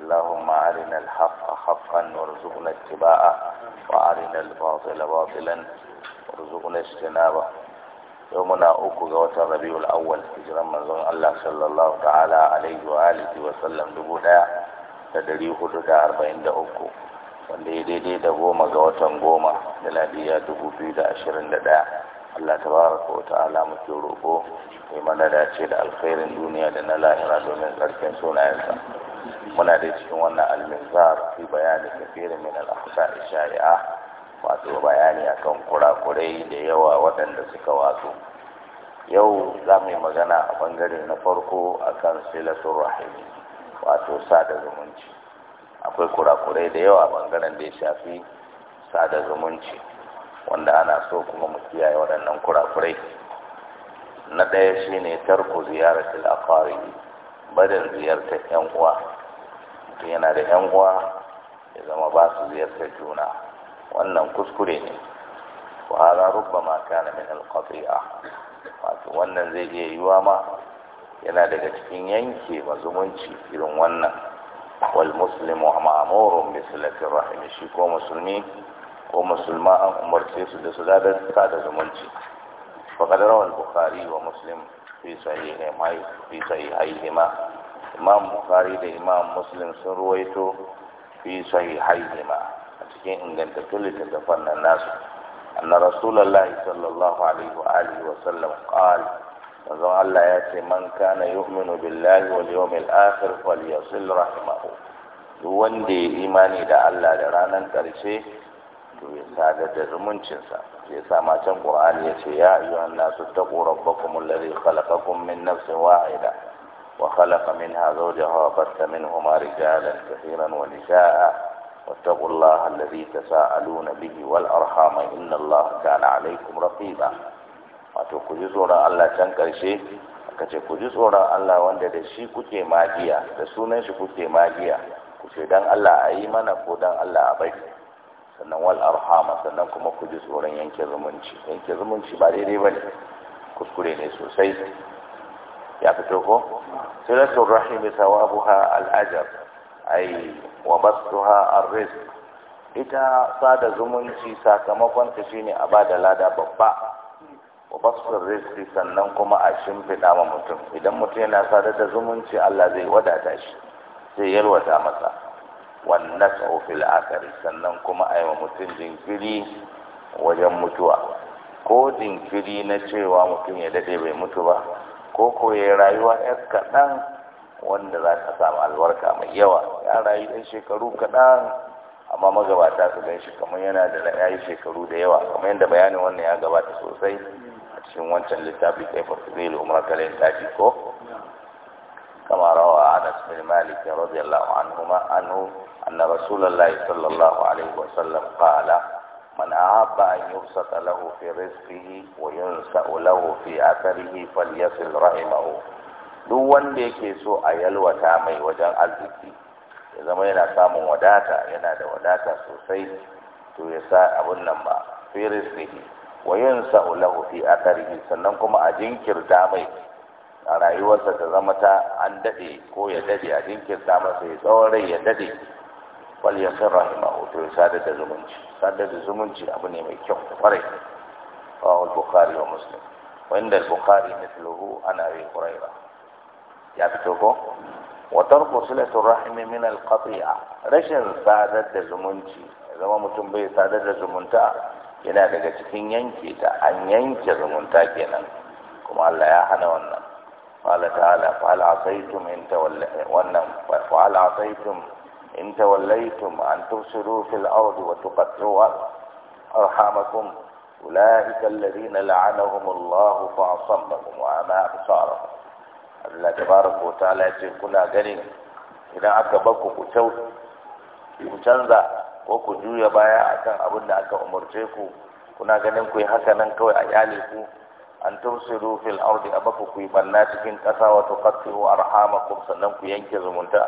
اللهم أرنا الحق حقا وارزقنا اتباعه وأرنا الباطل باطلا وارزقنا اجتنابه يومنا أكو جوات ربيع الأول هجرا من زون الله صلى الله تعالى عليه وآله وسلم دبودا تدري حدود أربعين دا أكو wanda ya daidai da goma ga watan goma da ladiya dubu biyu da ashirin da ɗaya Allah ta baraka wa ta'ala muke roƙo ya mana dace da alkhairin duniya da na lahira domin tsarkin sunayensa muna da cikin wannan al fi bayani kafir min al-ahsa shari'a wato bayani akan kurakurai da yawa waɗanda suka wato yau za mu yi magana a bangare na farko akan silatul rahim wato sada zumunci akwai kurakurai da yawa bangaren da ya shafi sada zumunci wanda ana so kuma mu kiyaye waɗannan kurakurai na ɗaya shine tarku ziyaratul aqaribi barin ziyartar yan uwa mutum yana da yan uwa ya zama ba su ziyartar juna wannan kuskure ne hala Rubba rubbama kana min alqati'a wato wannan zai iya yiwa ma yana daga cikin yanke mazumunci irin wannan wal muslimu ma'murun bi silati rahim shi ko musulmi ko musulma an umarce su da su da zumunci faqad rawa bukhari wa muslim fi sahihai fi sahihaihima imam bukhari da imam muslim sun ruwaito fi sahihaihima a cikin inganta ingantattun littattafan nan nasu anna Rasulallah sallallahu alaihi wa alihi wa sallam qala manzon Allah ya ce man kana yu'minu billahi wal yawmil akhir falyasil rahimahu duk wanda ya imani da Allah da ranar ƙarshe to ya sadar da zumuncinsa shi yasa ma can qur'ani yace ya ayyuhan nasu taqu rabbakum alladhi khalaqakum min nafsin wahida wa khalaqa minha zawjaha wa batha minhuma rijalan kathiran wa nisaa'a واتقوا الله الذي تساءلون به والأرحام إن الله كان عليكم رقيبا wato ku ji tsoron Allah can ƙarshe aka ce ku ji tsoron Allah wanda da shi kuke magiya da sunan shi kuke magiya ku ce dan Allah a yi mana ko dan Allah a bari sannan wal arhama sannan kuma ku ji tsoron yanke zumunci yanke zumunci ba daidai ba ne kuskure ne sosai ya fito ko silatul rahimi sawabuha al'ajar. ai wa bastuha arrizq ita sada zumunci sakamakon ta shine a bada lada babba wa basfin rizki sannan kuma a shimfiɗa wa mutum idan mutum yana sadar da zumunci Allah zai wadata shi zai yalwata masa wannan tsofil akari sannan kuma a yi wa mutum jinkiri wajen mutuwa ko jinkiri na cewa mutum ya dade bai mutu ba ko ko rayuwa ya kaɗan wanda za ka samu albarka mai yawa ya rayu ɗan shekaru kaɗan amma magabata su gan shi kamar yana da na yayi shekaru da yawa kamar yadda bayanin wannan ya gabata sosai a cikin wancan littafi ɗaya zai umar kalin tafi ko kama rawa anas bin malik radiyallahu anhu ma anhu أن رسول الله صلى الله عليه وسلم قال من أحب أن يبسط له في رزقه وينسأ له في أثره فليصل رحمه duk wanda yake so a yalwata mai wajen arziki ya zama yana samun wadata yana da wadata sosai to ya sa abin nan ba fi rizqihi wa yansa'u lahu fi atharihi sannan kuma a jinkirta mai a rayuwarsa ta zama ta an daɗe ko ya daɗe a jinkirta masa ya tsawon rai ya daɗe. wal yasir rahimahu to ya sadar da zumunci sadar da zumunci abu ne mai kyau da kwarai رواه البخاري ومسلم وعند البخاري Ya fito ko? هريره يا بتوكو وترك صلة الرحم من القطيعة رشن سادة زمنتي zama mutum bai sadar da zumunta yana daga cikin yanke ta an yanke zumunta kenan kuma Allah ya hana wannan qala ta'ala fa hal asaytum in tawalla wannan fa إن توليتم أن تفسدوا في الأرض وتقطعوا أرحامكم أولئك الذين لعنهم الله فأصمهم وأعمى أبصارهم Allah tabaraka wa ta'ala ya ce kuna ganin idan aka baku ku ku canza ko ku juya baya akan abin da aka umarce ku kuna ganin ku yi haka nan kawai a yale ku an tumsiru fil ardi abaku ku yi banna cikin ƙasa wa tuqatti'u arhamakum sannan ku yanke zumunta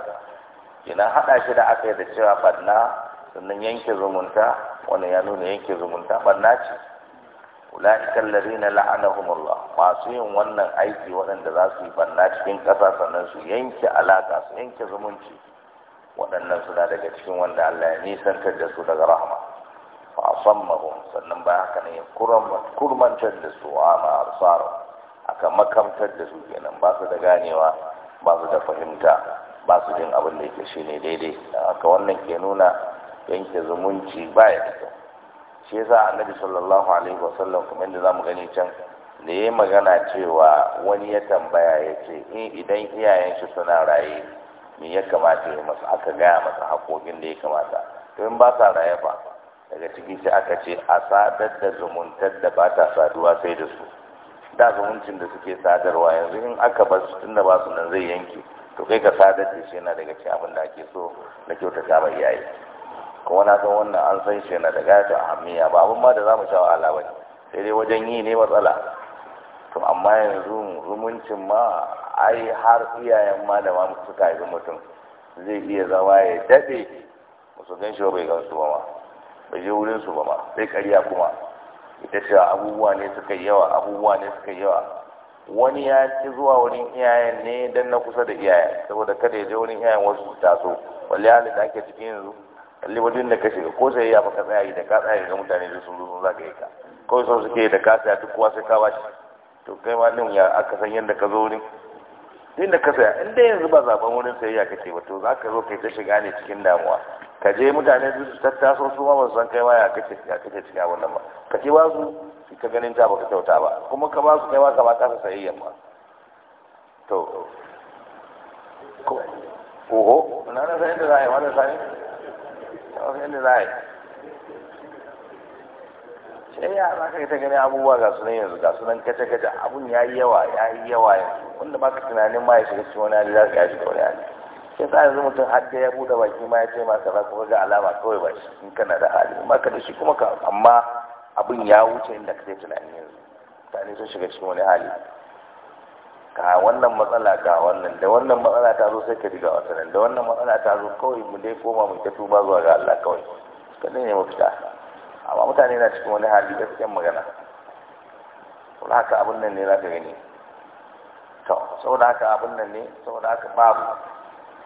kina haɗa shi da aka yi da cewa barna sannan yanke zumunta wannan ya nuna yanke zumunta barna ce ulaika alladhina la'anahumullah masu yin wannan aiki waɗanda za su yi barna cikin ƙasa sannan su yanke alaka su yanke zumunci waɗannan suna daga cikin wanda Allah ya nisantar da su daga rahama fa asammahum sannan ba haka ne kurmantar da su ama absar aka makamtar da su kenan ba su da ganewa ba su da fahimta ba su jin abin da yake shine daidai haka wannan ke nuna yanke zumunci ba ya da shi yasa annabi sallallahu alaihi wasallam kuma yadda zamu gani can da yayi magana cewa wani ya tambaya ya ce in eh, idan iyayen shi suna raye me ya kamata ya masa aka gaya masa haƙoƙin da ya kamata to in ba sa raye ba daga ciki sai aka ce a sadar da zumuntar da ba ta saduwa sai da su da zumuncin da suke sadarwa yanzu in aka bar su tunda ba su nan zai yanke to kai ka sadar da shi yana daga cikin abin da ake so na kyautata mai yayi kuma na san wannan an san shi yana da gata ahmiya ba abin ma da za mu sha wahala ba sai dai wajen yi ne matsala to amma yanzu zumuncin ma ai har iyayen ma da ma suka yi mutum zai iya zama ya daɗe musu gan shi bai gansu ba ma bai je wurin su ba ma sai ƙarya kuma ita ce abubuwa ne suka yawa abubuwa ne suka yawa wani ya ci zuwa wurin iyayen ne dan na kusa da iyayen saboda kada ya je wurin iyayen wasu su taso wani halin da ake cikin yanzu kalli wajen da ka shiga ko sai ya baka tsaya da ka tsaya ga mutane da sun zo sun yi ka kawai sau suke da ka tsaya duk sai ka bashi to kai ma din ya aka san yadda ka zo wurin din da ka tsaya inda yanzu ba zaben wurin sai ya kace ba to za ka zo kai ta shiga ne cikin damuwa ka je mutane su tattaso su ma ba su san kai ma ya kace ya kace cikin abin nan ba ka ce ba su ka ganin ta baka kyauta ba kuma ka ba su kai ba ka ba kasa sayayyan ba to oho na na sai da zai wanda sai to sai da zai sai ya za ka ta gani abubuwa ga sunan yanzu ga sunan kace kace abun ya yi yawa ya yi yawa yanzu wanda ba ka tunanin ma ya shiga cikin wani hali za ka shiga wani hali sai sa yanzu mutum har ya bude baki ma ya ce ma kaza kuma ga alama kawai ba shi in kana da hali ma ka da shi kuma ka amma abin ya wuce inda kai tunani yanzu mutane sun shiga cikin wani hali ga wannan matsala ga wannan da wannan matsala ta zo sai ka diga wata nan da wannan matsala ta zo kawai mu dai koma mu ta tuba zuwa ga Allah kawai ka ne mafita amma mutane na cikin wani hali gaskiyar magana saboda haka abin nan ne zaka gani to saboda haka abin nan ne saboda haka babu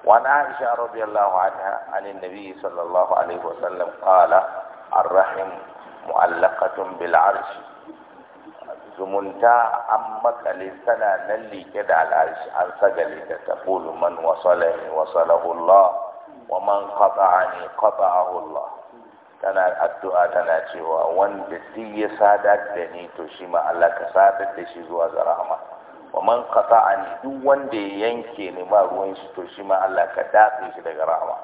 وعن عائشة رضي الله عنها عن النبي صلى الله عليه وسلم قال الرحم mu'allaqatun bil arshi zumunta an makale tana nan like da al'arshi an sagale da taqulu man wasalani wasalahu Allah wa man qata'ani qata'ahu Allah tana addu'a tana cewa wanda duk ya sadar da ni to shi ma Allah ka sadar da shi zuwa ga rahama wa man qata'ani duk wanda ya yanke ni ba ruwan shi to shi ma Allah ka dace shi daga rahama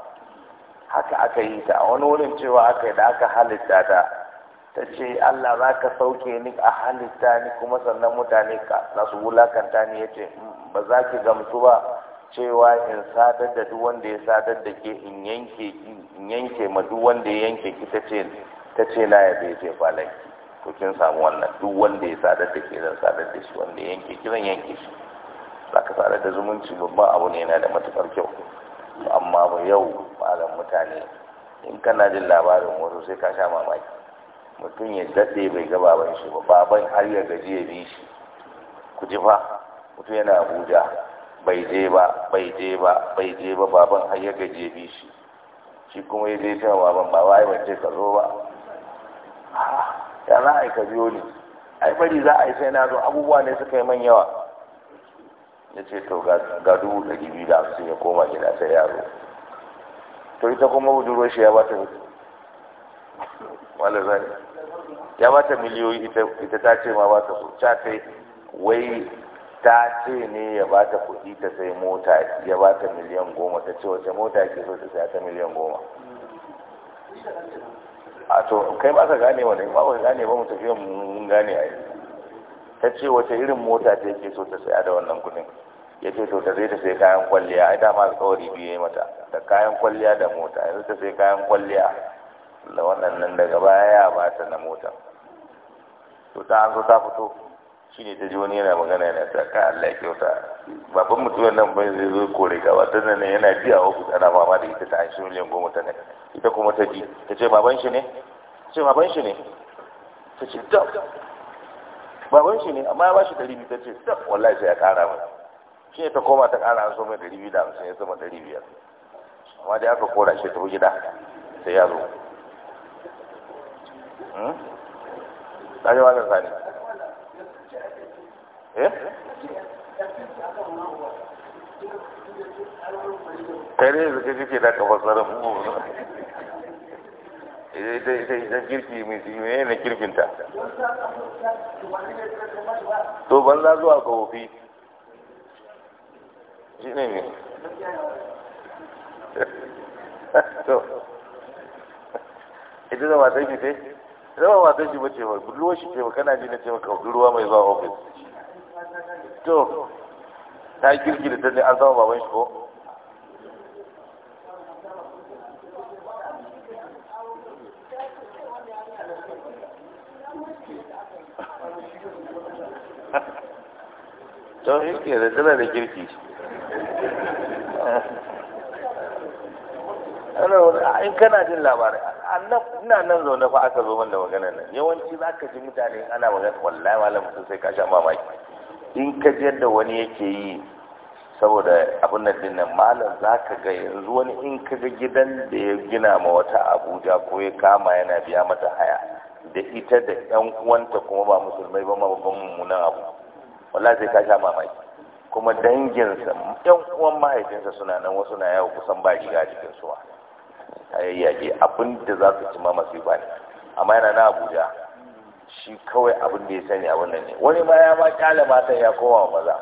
haka aka yi ta wani wurin cewa aka yi da aka halitta ta ta ce Allah za ka sauke ni a halitta ni kuma sannan mutane na su wulakanta ni ya ce mm, ba za ki gamsu ba cewa in sadar da duk wanda ya sadar da ke in yanke in yanke ma duk wanda ya yanke ki ta ce ta ce na ya bai ce falai to kin samu wannan duk wanda ya sadar da ke zan sadar da shi wanda ya yanke ki zan yanke shi za ka sadar da zumunci babban abu ne yana da matukar kyau amma ba yau malam mutane in kana jin labarin wasu sai ka sha mamaki mutum ya daɗe bai ga baban shi ba baban har ya gaji ya bi shi ku ji fa mutum yana abuja bai je ba bai je ba bai je ba baban har ya gaji ya bi shi shi kuma ya je ta baban ba wai ban ce ka zo ba ah, ya za a yi ka biyo ni ai bari za a yi sai na zo abubuwa ne suka yi man yawa ya ce to ga dubu ɗari biyu da hamsin ya koma gida sai yaro to ita kuma budurwar shi ya bata mutu wala zai ya bata miliyoyi ita ta ce ma bata so ta kai wai ta ce ne ya bata kuɗi ta sai mota ya bata miliyan goma ta ce wace mota ke so ta saya ta miliyan goma a to kai ba ka gane wani ba ka gane ba mu tafi mun gane a yi. ta ce wace irin mota ta ke so ta saya da wannan kuɗin ya ce to ta zai ta sai kayan kwalliya ai dama alkawari biye mata da kayan kwalliya da mota yanzu ta sai kayan kwalliya da waɗannan daga baya ya ba ta na mota to ta an zo ta fito shi ne ta ji wani yana magana yana ta ka Allah ya kyauta babban mutumin nan bai zai zo kore ka ba tana nan yana ji a kusa ana mama da ita ta an shi miliyan goma ta ne ita kuma ta ji ta ce baban shi ne ta ce baban shi ne ta ce dab baban shi ne amma ya ba shi ɗari biyu ta ce dab wallahi sai ya kara mai shi ne ta koma ta kara an so mai ɗari biyu da hamsin ya sama ɗari biyar amma dai aka kora shi ta gida sai ya zo na hmm? ji sani eh kai ne zuka jike da ka fassara mu ita ita ita kirki mai ne na kirkinta to banza zuwa ga wofi shi ne ne to ita da matan fitai zama matan shi bace ba budurwar shi ce ba kana ji na ce maka budurwa mai zuwa ofis to ta kirki da tattalin an zama baban shi ko to shi ke da tattalin da kirki in kana jin labarai ina nan zaune fa aka zo da magana nan yawanci za ka ji mutane ana magana wallahi malam mutum sai ka mamaki in ka ji yadda wani yake yi saboda abin nan din nan malam za ka ga yanzu wani in ka ga gidan da ya gina ma wata abuja ko ya kama yana biya mata haya da ita da yan uwanta kuma ba musulmai ba ma mummunan abu wallahi sai ka mamaki kuma danginsa yan uwan mahaifinsa suna nan wasu na yawo kusan ba shiga cikin suwa. a yayyage abin da za su ci ma ba ne amma yana na abuja shi kawai abin da ya sani a wannan ne wani ma ya ma kyale matan ya koma maza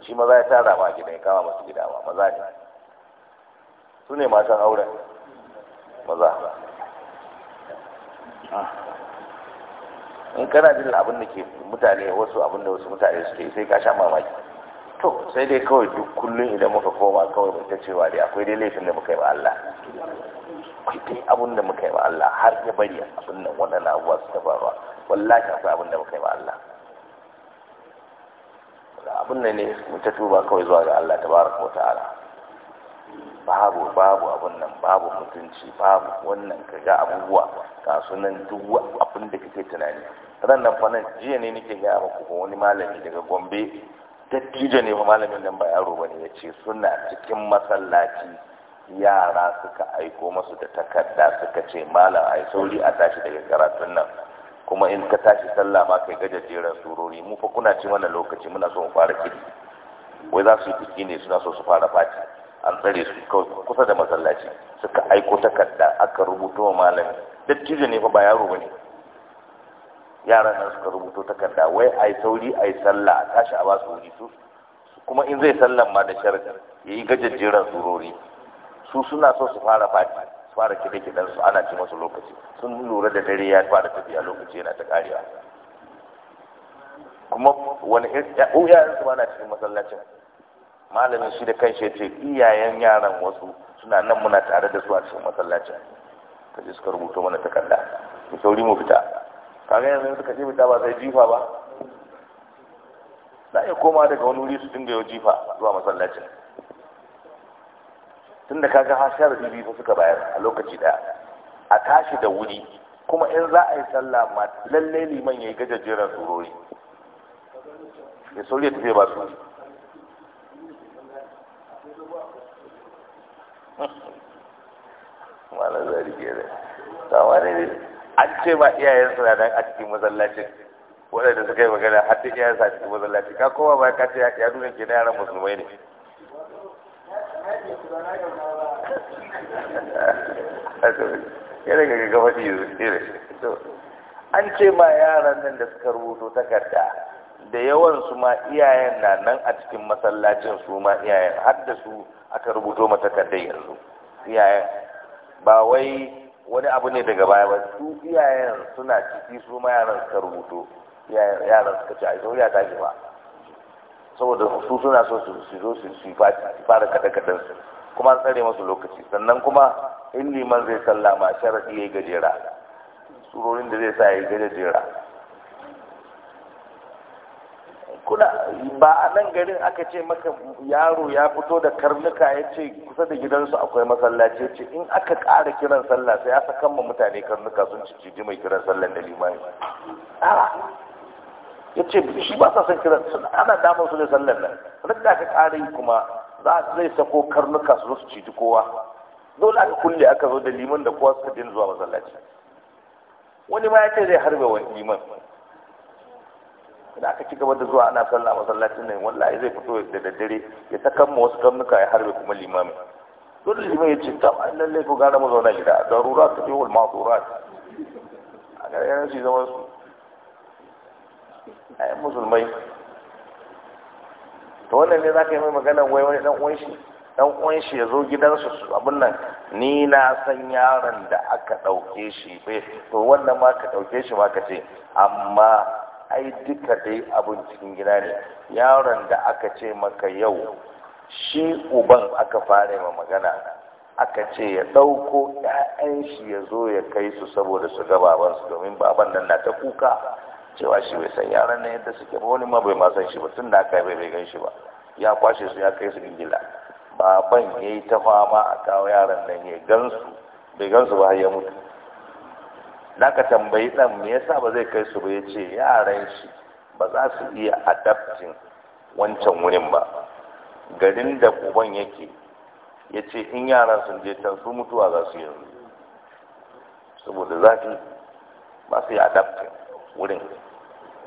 shi maza ya tara ma gida, ya kama masu gida ma maza ne su ne matan auren maza in kana jin abin da ke mutane wasu abin da wasu mutane suke sai ka sha mamaki to sai dai kawai duk kullum idan muka koma kawai mai ta cewa dai akwai dai laifin da muka yi wa Allah akwai dai abin da muka yi wa Allah har ya bari abin nan wannan abubuwa su ta walla wallahi akwai abin da muka yi wa Allah abin nan ne mu ta tuba kawai zuwa ga Allah tabaraka wa ta'ala babu babu abun nan babu mutunci babu wannan kaga abubuwa ga sunan duk abin da kake tunani ran nan fa nan jiya ne nake ga muku wani malami daga Gombe dattijo ne ba malamin nan ba yaro ba ne ya ce suna cikin masallaci yara suka aiko masu da takarda suka ce malam ai sauri a tashi daga karatun nan kuma in ka tashi sallah ma kai gajajeren surori mu fa kuna ci mana lokaci muna so mu fara kiri wai za su yi biki ne suna so su fara faci an tsare su kusa da masallaci suka aiko takarda aka rubuto wa malamin dattijo ne fa ba yaro ba ne yaran nan suka rubuto takarda wai ai sauri ai sallah a tashi a basu wuri su kuma in zai sallan ma da yi yayi jiran surori su suna so su fara fati su fara kide kidan su ana ci masu lokaci sun lura da dare ya fara tafiya lokaci yana ta karewa kuma wani yaran su ba na cikin masallacin malamin shi da kanshi shi ce iyayen yaran wasu suna nan muna tare da su a cikin masallacin je suka rubuto mana takarda mu sauri mu fita kaga yanzu suka ce ta ba sai jifa ba za iya koma daga wani wuri su dinga yau jifa zuwa masallacin tunda kaga ha sharadi biyu fa suka bayar a lokaci daya a tashi da wuri kuma in za a yi sallah ma lalle liman yayi gajajjeran surori ya sauri ya tafiya ba su malar zari ke da tawarin an ce ma iyayen na nan a cikin masallacin waɗanda suka yi magana har iyayen iyayensu a cikin masallacin ka kowa ba ka ce ya nuna ke na yaran musulmai ne yana ga gaba yanzu ne an ce ma yaran nan da suka rubuto takarda da yawan su ma iyayen na nan a cikin masallacin su ma iyayen har da su aka rubuto ma takardar yanzu iyayen ba wai wani abu ne daga baya ba su iyayen suna ciki su ma yaran suka rubuto yaran suka ce a zo ya tashi ba saboda su suna so su zo su fara kada-kadan su kuma tsare masu lokaci sannan kuma in liman zai sallama sharadi ya gajera surorin da zai sa ya gajera kuna ba a nan garin aka ce maka yaro ya fito da karnuka ya ce kusa da gidansu akwai masallaci ce in aka ƙara kiran sallah sai ya sakan ma mutane karnuka sun ci ciji mai kiran sallan da limani ya ce shi ba sa son kiran sun ana damar su ne sallan nan duk da aka ƙara yi kuma za zai sako karnuka su su ciji kowa dole aka kulle aka zo da liman da kowa suka din zuwa masallaci wani ma ya ce zai harbe wani liman da aka ci gaba da zuwa ana sallah masallacin nan wallahi zai fito da daddare ya ta kama wasu gamnuka ya harbe kuma limamin dole limami ya ce ta ma lallai ko gane mu zauna gida a darura ta ce wal ma'zura a ga yana shi zaman su ai musulmai to wannan ne zaka yi mai magana wai wani dan uwan shi dan uwan shi ya zo gidansu su abin nan ni na san yaron da aka dauke shi to wannan ma ka dauke shi ma ka ce amma ai duka dai abin cikin gida ne yaron da aka ce maka yau shi uban aka fara ma magana aka ce ya ɗauko ‘ya'yan shi ya zo ya kai su saboda su ga babansu domin baban nan na ta kuka cewa shi bai san yaran nan yadda suke ba wani ma bai ma san shi ba tun da aka bai bai gan shi ba ya kwashe su ya kai su ingila baban ya yi ta fama a kawo yaran nan ya gan bai gan ba har ya mutu da ka tambayi dan me yasa ba zai kai su ba ya ce yaran shi ba za su iya adaptin wancan wurin ba garin da uban yake ce in yaran sun je can su mutuwa za su yanzu saboda zafi ba su yi adaptin wurin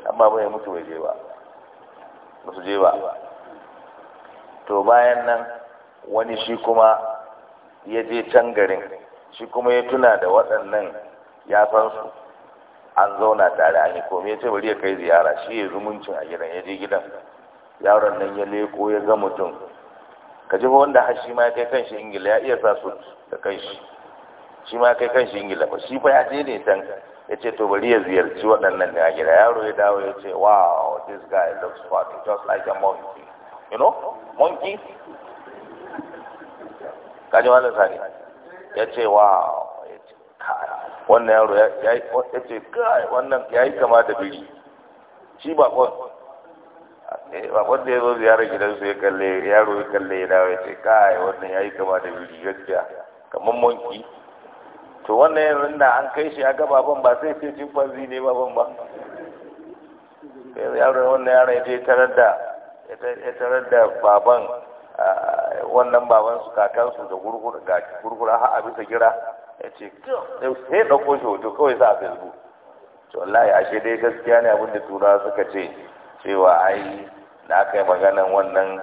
amma ya mutu bai je ba ba su je ba to bayan nan wani shi kuma ya je can garin shi kuma ya tuna da waɗannan ya san su an zauna tare an yi komai ya ce bari ya kai ziyara shi ya zumuncin a gidan ya je gidan yaron nan ya leko ya ga mutum ka ji wanda har shi ma ya kai kanshi ingila ya iya sa su da kanshi shi ma ya kai kanshi ingila ba shi fa ya je ne can ya ce to bari ya ziyarci waɗannan ne a gida yaro ya dawo ya ce wow this guy looks funny just like a monkey you know monkey ji wani sani ya ce wow ya ce kai wannan yaro ya ce kai wannan ya yi kama da biri shi bakon eh, bakon da ya zo ziyarar gidansu ya kalle yaro ya kalle ya dawo ya ce kai wannan ya yi kama da biri gaskiya kamar monki to wannan yanzu da an kai shi aka baban ba sai ce cimpanzi ne baban ba yaro wannan yaro ya je tarar da ya tarar da baban ah, wannan baban su kakansu da gurgura ha a bisa gira ce sai ɗauko shi hoto kawai sa a facebook to ya ashe dai gaskiya ne abinda tura suka ce cewa ai da aka yi maganan wannan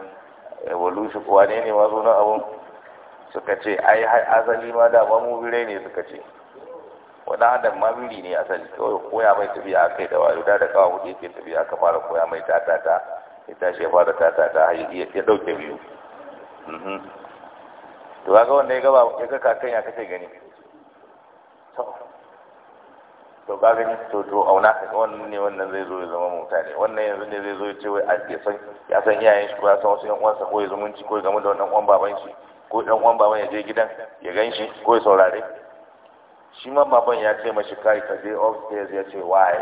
evolution kuwa ne ne masu na abun suka ce ai asali ma da ba mu bire ne suka ce wani adam ma biri ne asali kawai koya mai tafiya a kai da wayo da da kawo hudu yake tafiya aka fara koya mai tatata ya tashi ya fara tatata ya dauke biyu mhm. to kaga wanda ya gaba ya ga kakan ya kace gani to ga gani to to auna ka wannan ne wannan zai zo ya zama mutane wannan yanzu ne zai zo ya ce wai a ya san ya san iyayen shi ko ya san wasu yan uwansa ko ya zumunci ko ya gamu da wannan uwan baban shi ko dan uwan baban ya je gidan ya gan shi ko ya saurare shi ma baban ya ce mashi kai ka je upstairs ya ce why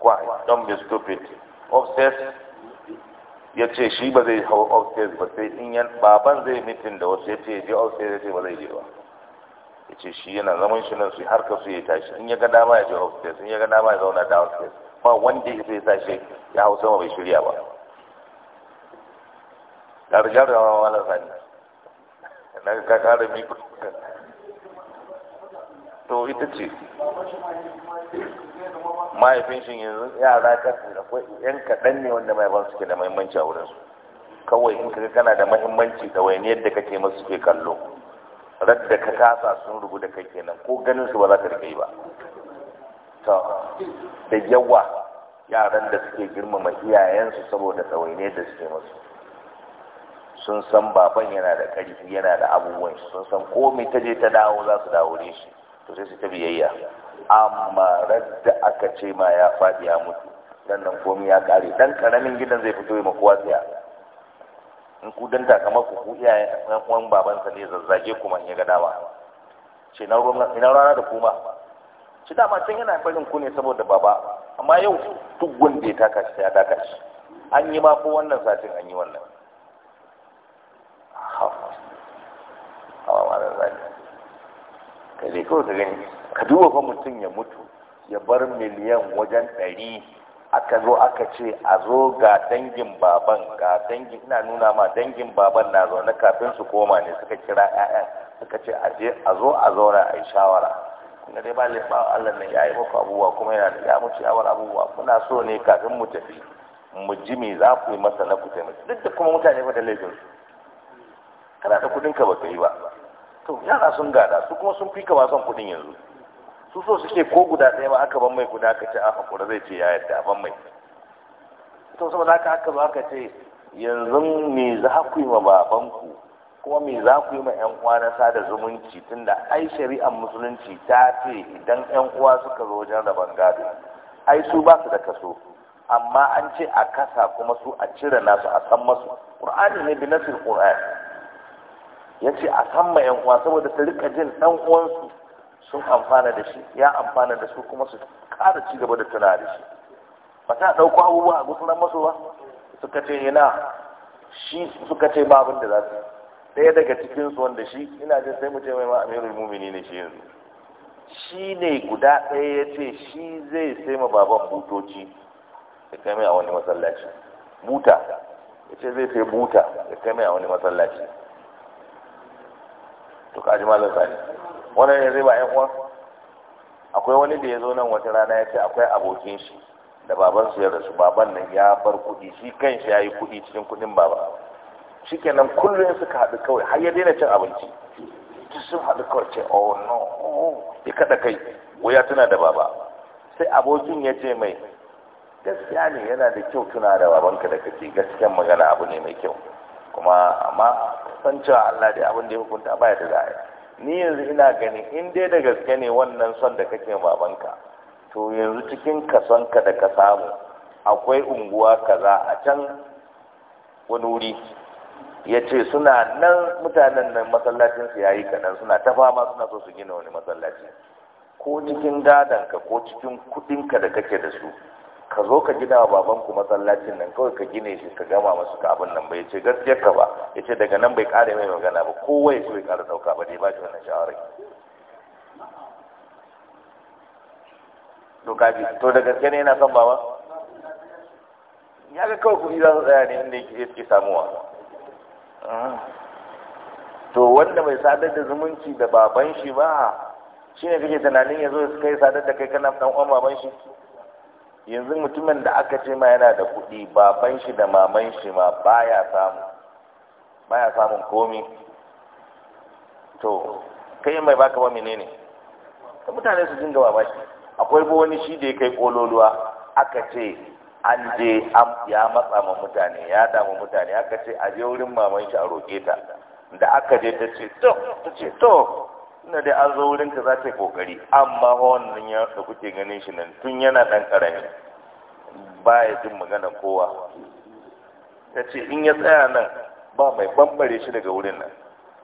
why don't be stupid upstairs ya ce shi ba zai hau upstairs ba sai in yan baban zai mitin da wasu ya ce je upstairs ya ce ba zai je ba ya ce shi yana zaman shi nan su harkar su ya tashi in ya ga dama ya je upstairs in ya ga dama ya zauna downstairs ba wanda ya sai sashi ya hau sama bai shirya ba na riga da ma malam sani na ka kara miko to ita ce mahaifin shi yanzu yara ka akwai yan kaɗan ne wanda mahaifan suke da muhimmanci a wurinsu kawai in ka kana da muhimmanci da wani yadda kake masu suke kallo radda ka kasa sun rubu da kai kenan ko ganin su ba za ka rike ba to da yawa yaran da suke girmama iyayensu saboda tsawaine da suke musu sun san baban yana da ƙarfi yana da abubuwan sun san komai ta je ta dawo za su dawo ne shi to sai su ta biyayya amma radda aka ce ma ya faɗi ya mutu sannan komai ya ƙare Dan ƙaramin gidan zai fito ya makuwa tsaya in ku dan kamar ku ku iyaye ɗan uwan babansa ne zazzage kuma in ya ga dama ce na rana da kuma ci dama can yana barin ku ne saboda baba amma yau duk wanda ya taka shi ya taka shi an yi ma ko wannan satin an yi wannan ka je kawai ka gani ka duba fa mutum ya mutu ya bar miliyan wajen ɗari aka zo aka ce a zo ga dangin baban ga dangin ina nuna ma dangin baban na zaune kafin su koma ne suka kira 'ya'yan suka ce a zo a zauna a yi shawara kuma dai ba leɓa Allah ne ya yi muku abubuwa kuma yana da ya mutu yawar abubuwa muna so ne kafin mu tafi mu ji me za ku yi masa na ku mu duk da kuma mutane ba da laifin su kana da kudin ka ba ka yi ba to yara sun gada su kuma sun fi ka ba son kuɗin yanzu su so suke ko guda ɗaya ba aka ban mai guda ka ce a hakura zai ce ya yadda ban mai to saboda haka aka zo aka ce yanzu me za ku yi ma babanku kuma me za ku yi ma yan uwa na sada zumunci tunda ai shari'ar musulunci ta ce idan yan uwa suka zo wajen rabon gado ai su ba su da kaso amma an ce a kasa kuma su a cire nasu a san masu qur'ani ne bi nasir Ya yace a san ma yan uwa saboda ta rika jin dan uwansu sun amfana da shi ya amfana da su kuma su ƙara ci gaba da tunawa da shi ba ta ɗauko abubuwa a gusunan masu ba suka ce ina shi suka ce ba abin da za su ɗaya daga cikinsu wanda shi ina jin sai mu ce mai ma amirul mumini ne shi yanzu shi ne guda ɗaya ya ce shi zai sai ma baban butoci ya kai mai a wani masallaci buta ya ce zai sai buta ya kai mai a wani masallaci to ka ji malar sani wani ne zai ba yan uwan akwai wani da ya zo nan wata rana ya ce akwai abokin shi da baban su ya rasu baban nan ya bar kuɗi shi kan shi ya yi kuɗi cikin kuɗin baba nan kullum suka haɗu kawai har ya daina cin abinci duk sun haɗu kawai ce oh no ya kaɗa kai wuya tuna da baba sai abokin ya ce mai gaskiya ne yana da kyau tuna da babanka da kake gaskiyan magana abu ne mai kyau kuma amma san cewa Allah dai abin da ya hukunta baya da za'a ni yanzu ina ganin in dai da gaske ne wannan son da kake babanka to yanzu cikin kasonka da ka samu akwai unguwa kaza a can wani wuri ya ce suna nan mutanen nan su ya yi kaɗan suna ta fama suna so su gina wani masallaci ko cikin dadanka ko cikin kuɗinka da kake da su ka zo ka gina wa babanku masallacin nan kawai ka gine shi ka gama masu ka abin nan bai ce gaskiyar ka ba ya ce daga nan bai kare mai magana ba kowa ya so ya kara dauka ba dai ba shi wannan shawarar to kaji to da gaske ne yana son baba ya ga kawai kuɗi za su tsaya ne inda yake yake samuwa ah. to wanda bai sadar da zumunci da baban shi ba shine kake tunanin ya zo su kai sadar da kai kana dan uwan baban shi yanzu mutumin da aka ce ma yana da kuɗi baban shi da maman shi ma baya samu baya samun komi to kai mai baka ba menene ta mutane su dinga baba shi akwai ba wani shi da ya kai kololuwa aka ce an je ya matsa ma mutane ya damu mutane aka ce a je wurin maman shi a roƙe ta da aka je ta ce to ta ce to tunda dai an zo wurinka ka za ta yi kokari amma wannan ya da kuke ganin shi nan tun yana dan karami ba ya jin magana kowa ya ce in ya tsaya nan ba mai bambare shi daga wurin nan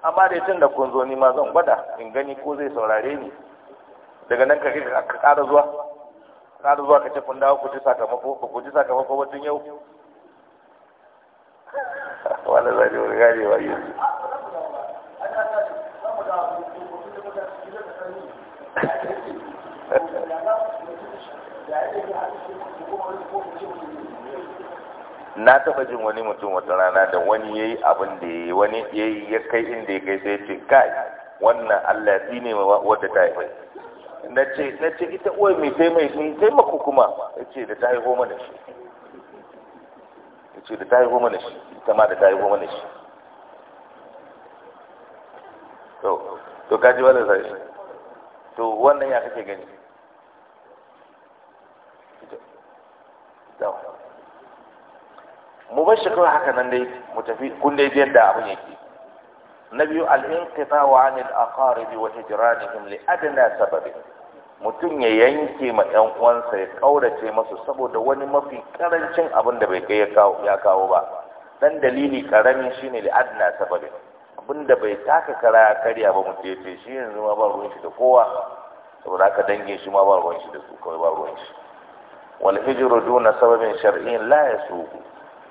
amma dai tun da kun zo ni ma zan gwada in gani ko zai saurare ni daga nan ka ka ƙara zuwa ƙara zuwa ka ce kun dawo ku ji sakamako ba ku ji sakamako ba tun yau wala zai yi gane wa yanzu na taba jin wani mutum wata rana da wani yayi abin da yayi wani yayi ya kai inda ya kai sai ce kai wannan Allah ya ne wadda ta haifa na ce na ce ita uwar mai sai mai taimako kuma ya ce da ta haifo mana shi ya ce da ta haifo mana shi ita ma da ta haifo mana shi to to kaji wani sai to wannan ya kake gani mu bar shi kawai haka nan dai mu tafi kun dai da abin yake na biyu al-inqita wa anil aqarib wa hijranihim li adana sababi mutum ya yanke ma ɗan uwansa ya ƙaurace masu saboda wani mafi ƙarancin abin da bai kai ya kawo ba dan dalili ƙarami shine li adana sababi abin da bai taka kara ya karya ba mutum ya shi yanzu ma ba ruwan shi da kowa saboda aka dange shi ma ba ruwan shi da su kawai ba ruwan shi wal hijru duna sababin shar'in la yasuhu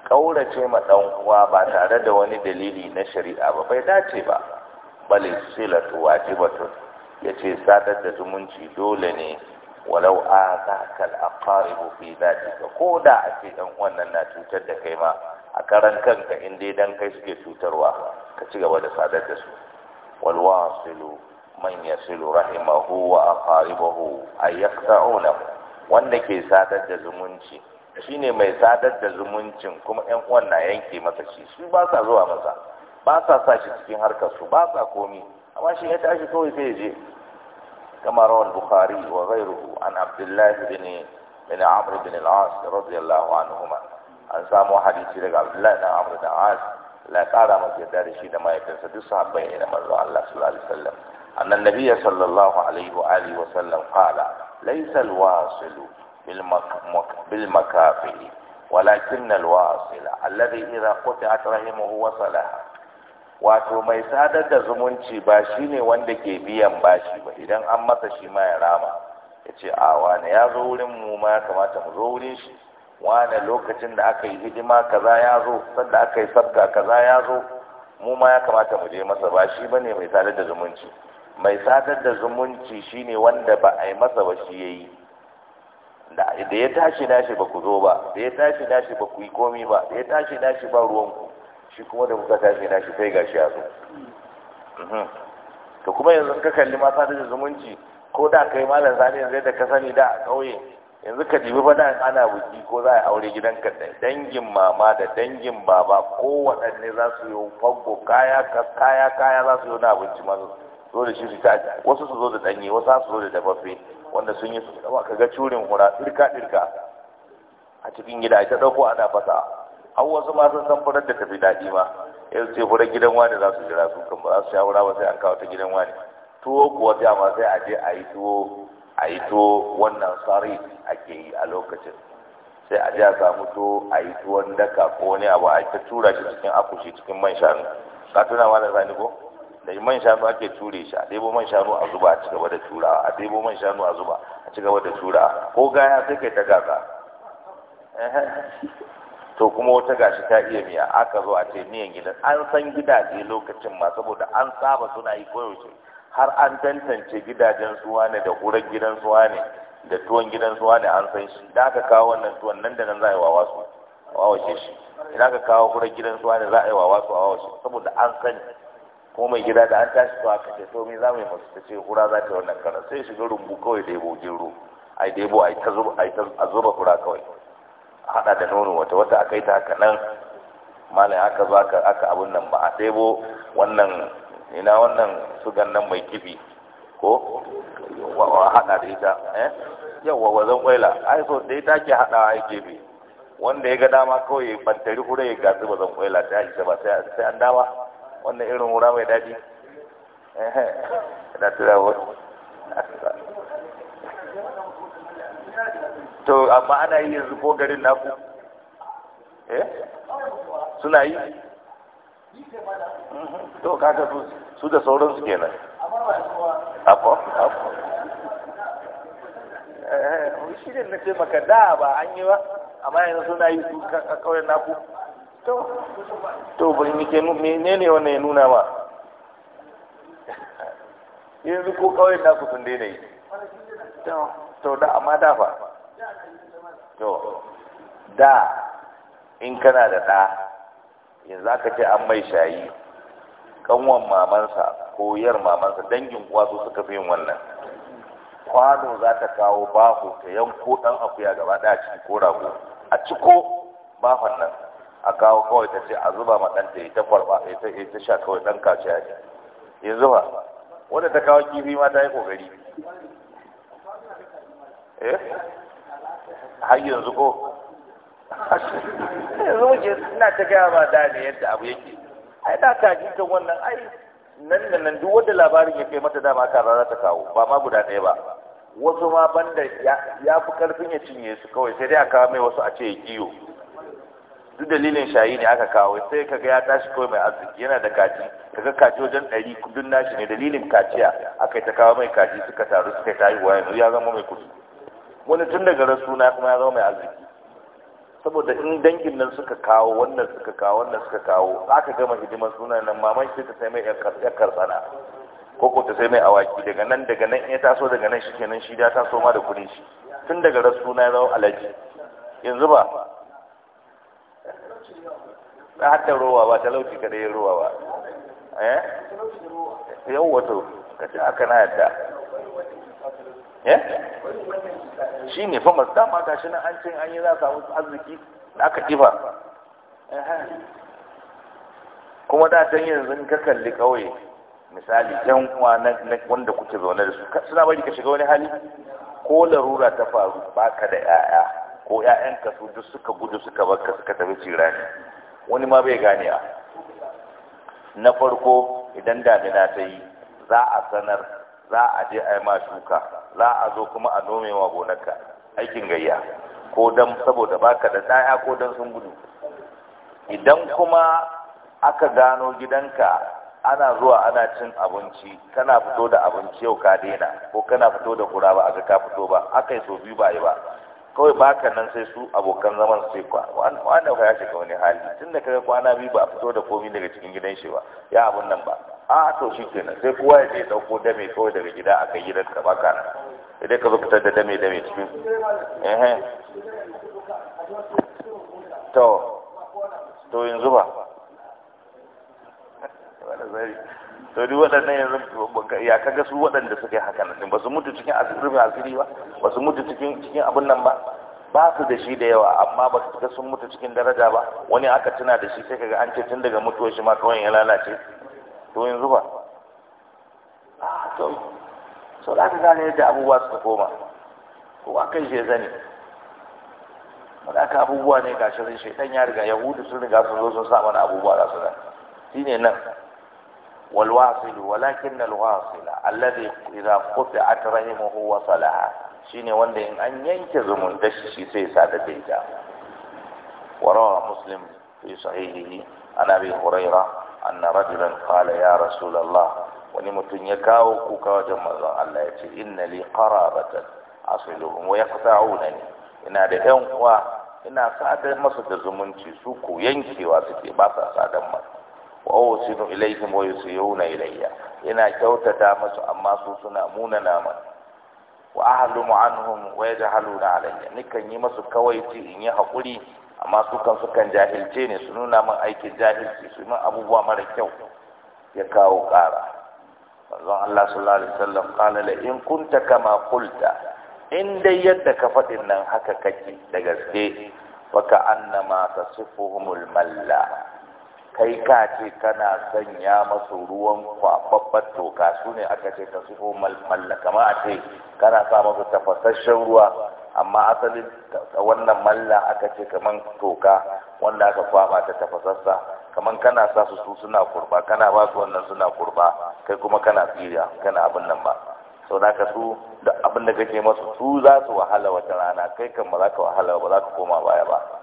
kaurace ma dan uwa ba tare da wani dalili na shari'a ba bai dace ba bal silatu wajibatun yace sadar da zumunci dole ne walau a zakal aqaribu fi ko da a ce dan uwan nan na cutar da kai ma a karan kanka in dai dan kai suke cutarwa ka ci gaba da sadar da su wal wasilu man yasilu rahimahu wa aqaribahu ay yaqta'una wanda ke sadar da zumunci shine mai sadar da zumuncin kuma ƴan uwan na yanke masa shi su ba sa zuwa masa ba sa sa shi cikin harkar su ba sa komi amma shi ya tashi kawai sai ya je كما روى البخاري وغيره عن عبد الله بن بن عمرو بن العاص رضي الله عنهما an samu hadisi daga abdullahi na amr dan as la kara masa yarda da shi da mahaifinsa duk sahabbai ne na manzo Allah sallallahu alaihi wasallam annan nabiyyi sallallahu alaihi wa alihi wasallam qala laysa alwasilu bil bil makafili walakin alwasil alladhi idha qut'at rahimuhu wasalaha wato mai sadar da zumunci ba shi ne wanda ke biyan bashi ba idan an masa shi ma ya rama ya ce a wane ya zo wurin mu ma ya kamata mu zo wurin shi wane lokacin da aka yi hidima kaza ya zo sanda aka yi sabga kaza ya zo mu ma ya kamata mu je masa ba shi bane mai sadar da zumunci mai sadar da zumunci shine wanda ba a yi masa ba shi yayi da ya tashi nashi ba ku zo ba da ya tashi nashi ba ku yi komi ba da ya tashi nashi ba ruwanku shi kuma da kuka tashi nashi sai ga shi a zo mhm. to kuma yanzu ka kalli ma sadar da zumunci ko da kai malam sani yanzu da ka sani da a ƙauye yanzu ka jibi faɗa ana wuki ko za a aure gidanka da dangin mama da dangin baba ko waɗanne za su yi fago kaya kaya kaya za su yi na abinci masu zo da shi ta wasu su zo da ɗanye wasu su zo da dafaffe wanda sun yi su ka ga curin hura ɗirka ɗirka a cikin gida ita ɗauko ana fasa an wasu ma sun san furar da tafi daɗi ma yanzu ce furar gidan wani za su jira su kan ba za su shawara ba sai an kawo ta gidan wani tuwo kuwa ma sai a je a yi tuwo a yi to wannan tsari ake yi a lokacin sai a ja samu to a yi tuwon daka ko wani abu a ta tura shi cikin akushi cikin man shanu ka tuna ma da zani ko da man shanu ake ture shi a ɗebo man shanu a zuba a cigaba da turawa a ɗebo man shanu a zuba a cigaba da turawa ko gaya sai kai ta gaza to kuma wata gashi ta iya miya aka zo a ce miyan gidan an san gidaje lokacin ma saboda an saba suna yi koyaushe har an tantance gidajen suwa ne da kuran gidan suwa ne da tuwon gidan suwa ne an san shi da aka kawo wannan tuwon nan da nan za a yi wawa su wawashe shi idan aka kawo kuran gidan suwa ne za a yi wawa su shi. saboda an san ko mai gida da an tashi to aka ce to me za mu yi musu ta ce kura za ta yi wannan karan sai shiga rumbu kawai da yabo gero ai da yabo ai ta zuba kura kawai a haɗa da nono wata wata a kai ta haka nan malam aka zo aka abun nan ba a ɗebo wannan ina wannan sugan nan mai kifi ko wa hada da ita eh yawa wazan kwaila ai so da ita ke hada ai bi. wanda ya ga dama kawai bantari hure ya gasu wazan kwaila ta isa ba sai an dawa wannan irin wura mai daɗi eh da eh. turawa to amma ana yi yanzu ko garin naku eh suna yi to kaga su su da sauran su kenan abu apo eh, shi ne na ce maka da ba an yi ba amma yanzu suna yi su kawai naku to to bai nike ne ne wannan ya nuna ma yanzu ko kawai naku sun daina yi to da amma da fa to da in kana da ta. yanzu ka ce an mai shayi kanwan mamansa ko yar mamansa dangin uwa su suka fi yin wannan kwano za ta kawo baho ta yanko dan akuya gaba daya cikin ko rago a ciko bahon nan a kawo kawai ta ce a zuba ma ɗanta ita kwarba ta ita sha kawai ɗan kace ya yanzu ba wanda ta kawo kifi ma ta yi ƙoƙari. eh har yanzu ko yanzu muke suna ta gaya ma da ne yadda abu yake ai da ka ji kan wannan ai nan da nan duk wanda labarin ya kai mata dama ka rara ta kawo ba ma guda ɗaya ba wasu ma banda ya fi karfin ya cinye su kawai sai dai a kawo mai wasu a ce ya kiyo duk dalilin shayi ne aka kawo sai ga ya tashi kawai mai arziki yana da kaji ga kaji wajen ɗari kudin nashi ne dalilin kaciya aka ta kawo mai kaji suka taru suka yi tayi wayan ya zama mai kudi wani tun daga na kuma ya zama mai arziki saboda in dangin nan suka kawo wannan suka kawo wannan suka kawo aka gama hidimar suna nan maman shi ta sai mai yar karsana ko ko ta sai mai awaki daga nan daga nan ya taso daga nan shikenan shi da taso ma da kudin shi tun daga ran suna ya zama alaji yanzu ba na hada rowa ba talauci kada ya rowa ba eh yau wato kace aka na yadda Eh? shi ne fa masu dama ga shi na an ce an yi za a samu arziki da aka kifa kuma da can yanzu ka kalli kawai misali yan na wanda kuke zaune da su suna bari ka shiga wani hali ko larura ta faru baka da 'ya'ya ko yayan ka su duk suka gudu suka baka suka tafi cirani wani ma bai gane a na farko idan damina ta yi za a sanar za a je a yi ma shuka za a zo kuma a nome wa gonarka aikin gayya ko dan saboda baka da ɗaya ko dan sun gudu idan kuma aka gano gidanka ana zuwa ana cin abinci kana fito da abinci yau ka daina ko kana fito da kura ba aka ka fito ba aka yi so biyu ba yi ba kawai baka nan sai su abokan zaman su kwa wannan ya shiga wani hali tun da kaga kwana biyu ba a fito da komi daga cikin gidan shi ba ya abun nan ba a to shi kenan sai kowa ya je dauko dame kawai daga gida a kai gidan ka baka nan idan ka zo fitar da dame dame cikin ehe to to yanzu ba to duk waɗannan yanzu ya kaga su waɗanda suka yi haka nan ba su mutu cikin asirin asiri ba ba su mutu cikin cikin abin nan ba ba su da shi da yawa amma ba su ga sun mutu cikin daraja ba wani aka tuna da shi sai kaga an ce tun daga mutuwar shi ma kawai ya lalace to yanzu ba ah, to so za ka gane yadda abubuwa suka koma ko a kai shi zane wanda aka abubuwa ne ga shirin shaitan ya riga yahudu sun riga sun zo sun sa mana abubuwa za su nan shi ne nan walakin والواصل ولكن الواصل الذي إذا قطعت رحمه Shi shine wanda in an yanke zumunta shi sai sa da ita وروى مسلم في صحيحه عن ابي هريره anna rajulan qala ya rasulullah wani mutum ya kawo kuka wajen manzon Allah ya ce inna li qarabatan asiluhum wa ni. ina da yan uwa ina sadar masa da zumunci su ko yankewa suke ba sa sadar masa wa usinu ilaihim wa yusiyuna ilayya ina kyautata masu amma su suna munana mana wa ahlumu anhum wa yajhaluna alayya nikan yi masu kawaici in yi hakuri amma su kan kan jahilce ne su nuna min aikin jahilci su min abubuwa mara kyau ya kawo ƙara manzon Allah sallallahu alaihi wasallam qala la in kunta kama kulta, in dai yadda ka faɗin nan haka kake da gaske baka ka annama tasifuhumul malla kai ka ce kana sanya masu ruwan kwababbar toka su ne aka ce ta sufo mallaka kama a ce kana sa masu tafasasshen ruwa amma asalin wannan malla aka ce kaman toka wanda aka kwaba ta tafasassa kaman kana sa su su suna kurba kana ba su wannan suna kurba kai kuma kana tsiriya kana abin nan ba sau da ka su da abin da kake masu su za su wahala wata rana kai kan ba za ka wahala ba za ka koma baya ba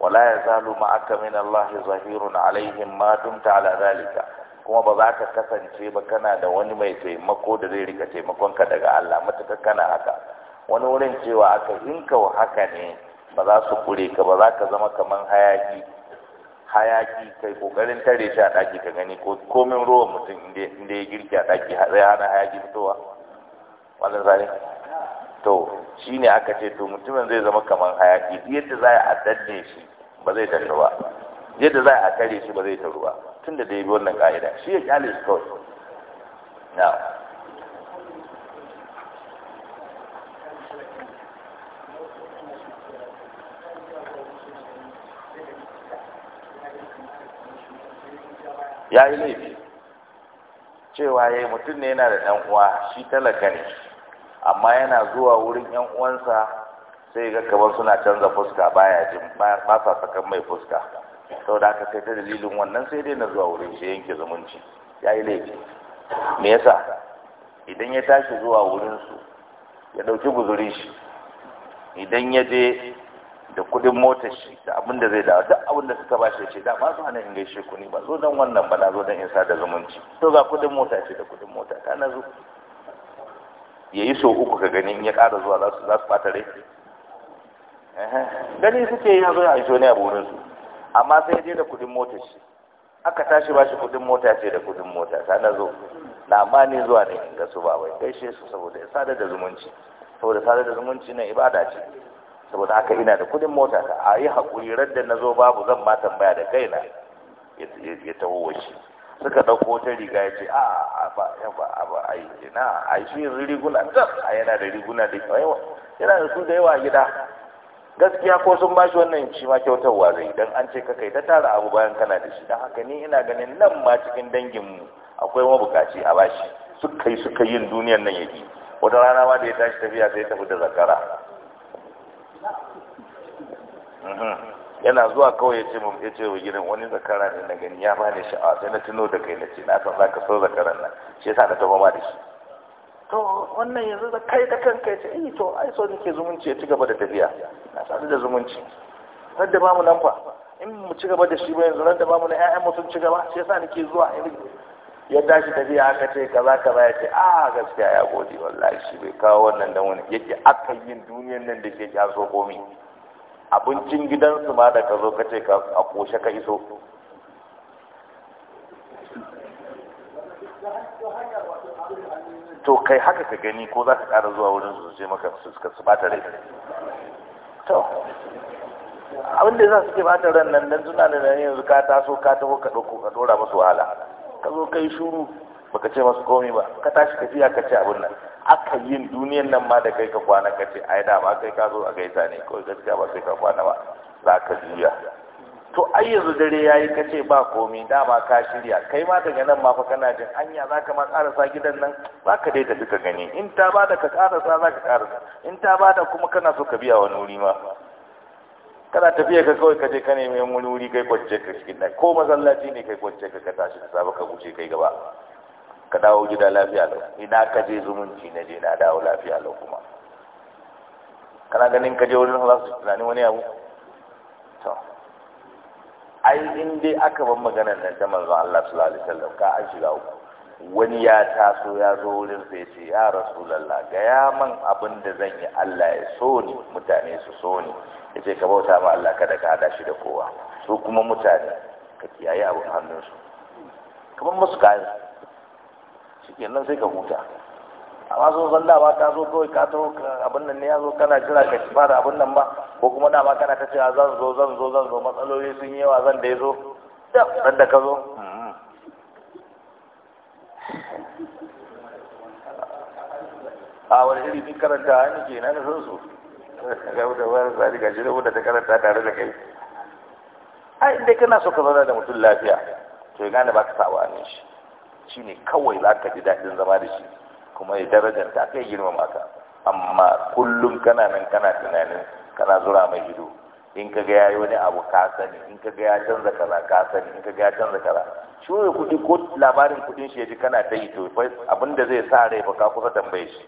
wala yazalu ma'aka min Allah zahirun alaihim ma dumta ala zalika kuma ba za ka kasance ba kana da wani mai taimako da zai rika taimakonka daga Allah matuka kana haka wani wurin cewa aka in ka haka ne ba za su kure ka ba za ka zama kaman hayaki hayaki kai kokarin tare shi a daki ka gani ko komin ruwan mutum inda ya girki a daki zai hana hayaki fitowa wannan zai to shine aka ce to mutumin zai zama kamar hayaki yadda za a dadde shi ba zai taru ba yadda za a kare shi ba zai taru ba tun da dai wannan ka'ida shi ya kyale su kawai na ya yi laifi cewa ya yi mutum ne yana da ɗan uwa shi talaka ne amma yana zuwa wurin yan uwansa sai ga kamar suna canza fuska baya jin ba sa sakan mai fuska saboda haka sai ta dalilin wannan sai dai na zuwa wurin shi yanke zumunci ya yi laifi me yasa idan ya tashi zuwa wurin su ya ɗauki guzuri shi idan ya je da kudin motar shi da abin da zai dawo duk abin da suka ba shi ce da ba su hana in gaishe ku ni ba zo don wannan ba na zo don in sa da zumunci to ga kudin mota ce da kudin mota ta na zo ya yi sau uku ka gani ya ƙara zuwa za su fata rai gani suke yi zo ya iso ne a burinsu amma sai ya je da kudin mota shi aka tashi ba shi kudin mota ce da kudin mota ta na zo na amma zuwa ne in ga su ba wai gaishe su saboda ya sadar da zumunci saboda sadar da zumunci na ibada ce saboda haka ina da kudin mota ta a yi haƙuri radda na zo babu zan ma tambaya da kaina ya taho wa shi suka ɗauko wata riga ya ce a ba ya ba a ba a yi na a yi shi riguna a yana da riguna da yawa yana da su da yawa gida gaskiya ko sun bashi wannan shi ma kyautarwa zai idan an ce ka kai ta tara abu bayan kana da shi don haka ni ina ganin nan ma cikin danginmu akwai mabukaci a bashi suka yi suka yin duniyar nan yaki wata rana ma da ya tashi tafiya sai ya tafi da zakara mhm. yana zuwa kawai ya ce mu ya ce wa gidan wani zakara ne na gani ya bani sha'awa, sai na tuno da kai na ce na san zaka so zakaran nan shi yasa na tafi ma da shi to wannan yanzu da kai da kanka ce eh to ai so nake zumunci ya ci gaba da tafiya na sadu da zumunci har da ba mu nan fa in mu ci gaba da shi ba yanzu nan da ba mu na ƴaƴan mu sun ci gaba shi yasa nake zuwa ya tashi tafiya aka ce kaza kaza ya ce a gaskiya ya gode wallahi shi bai kawo wannan dan wani yake aka yin duniyar nan da ke so komi abincin gidansu ma da ka zo ka ce ka a koshe ka iso to kai haka ka gani ko za ka ƙara zuwa wurin su ce maka su suka su bata rai to abin da za su ke bata ran nan don suna da yanzu ka taso ka taho ka ɗauko ka ɗora masu wahala ka zo kai shuru baka ce masu komi ba ka tashi ka jiya ka ce abin nan aka yin duniyan nan ma da kai ka kwana ka ce ai da ba kai ka zo a gaisa ne kawai gaskiya ba sai ka kwana ba za ka juya to ai yanzu dare yayi ka ce ba komi, dama ka shirya kai ma daga nan ma fa kana jin anya za ka ma karasa gidan nan za ka dai duka ka gani in ta ba da ka karasa za ka karasa in ta ba da kuma kana so ka biya wani wuri ma kana tafiya ka kawai ka je ka nemi wani wuri kai kwance ka cikin nan ko masallaci ne kai kwance ka ka tashi ka sabu ka wuce kai gaba ka dawo gida lafiya lau ina ka je zumunci na je na dawo lafiya lau kuma kana ganin ka je wurin za su tunani wani abu to ai in dai aka ban maganar nan ta manzon Allah sallallahu alaihi wasallam ka an shiga uku wani ya taso ya zo wurin sai ce ya rasulullah ga ya man abin da zan yi Allah ya so ni mutane su so ni yace ka bauta ma Allah kada ka hada shi da kowa su kuma mutane ka kiyaye abin hannunsu kamar musu kayan shi nan sai ka huta amma so san dama ka zo kawai ka taho abin nan ne ya zo kana jira ka ci fara abin nan ba ko kuma dama kana ta cewa zan zo zan zo zan zo matsaloli sun yi yawa zan da ya zo dan da ka zo a ah, wani iri ni karanta a ke na san su ga wuta wani tsari ga shi da ta karanta tare da kai ai inda kana so ka zauna da mutum lafiya to ya gane ba ka sa wa shi shi ne kawai za ka ji daɗin zama da shi kuma ya darajar ta kai girmama maka amma kullum kana nan kana tunanin kana zura mai ido in ka ga yayi wani abu ka sani in ka ga ya canza kaza ka sani in ka ga ya canza kaza shi ne kuɗi ko labarin kuɗin shi ya ji kana ta yi to abin da zai sa rai ba ka kusa tambaye shi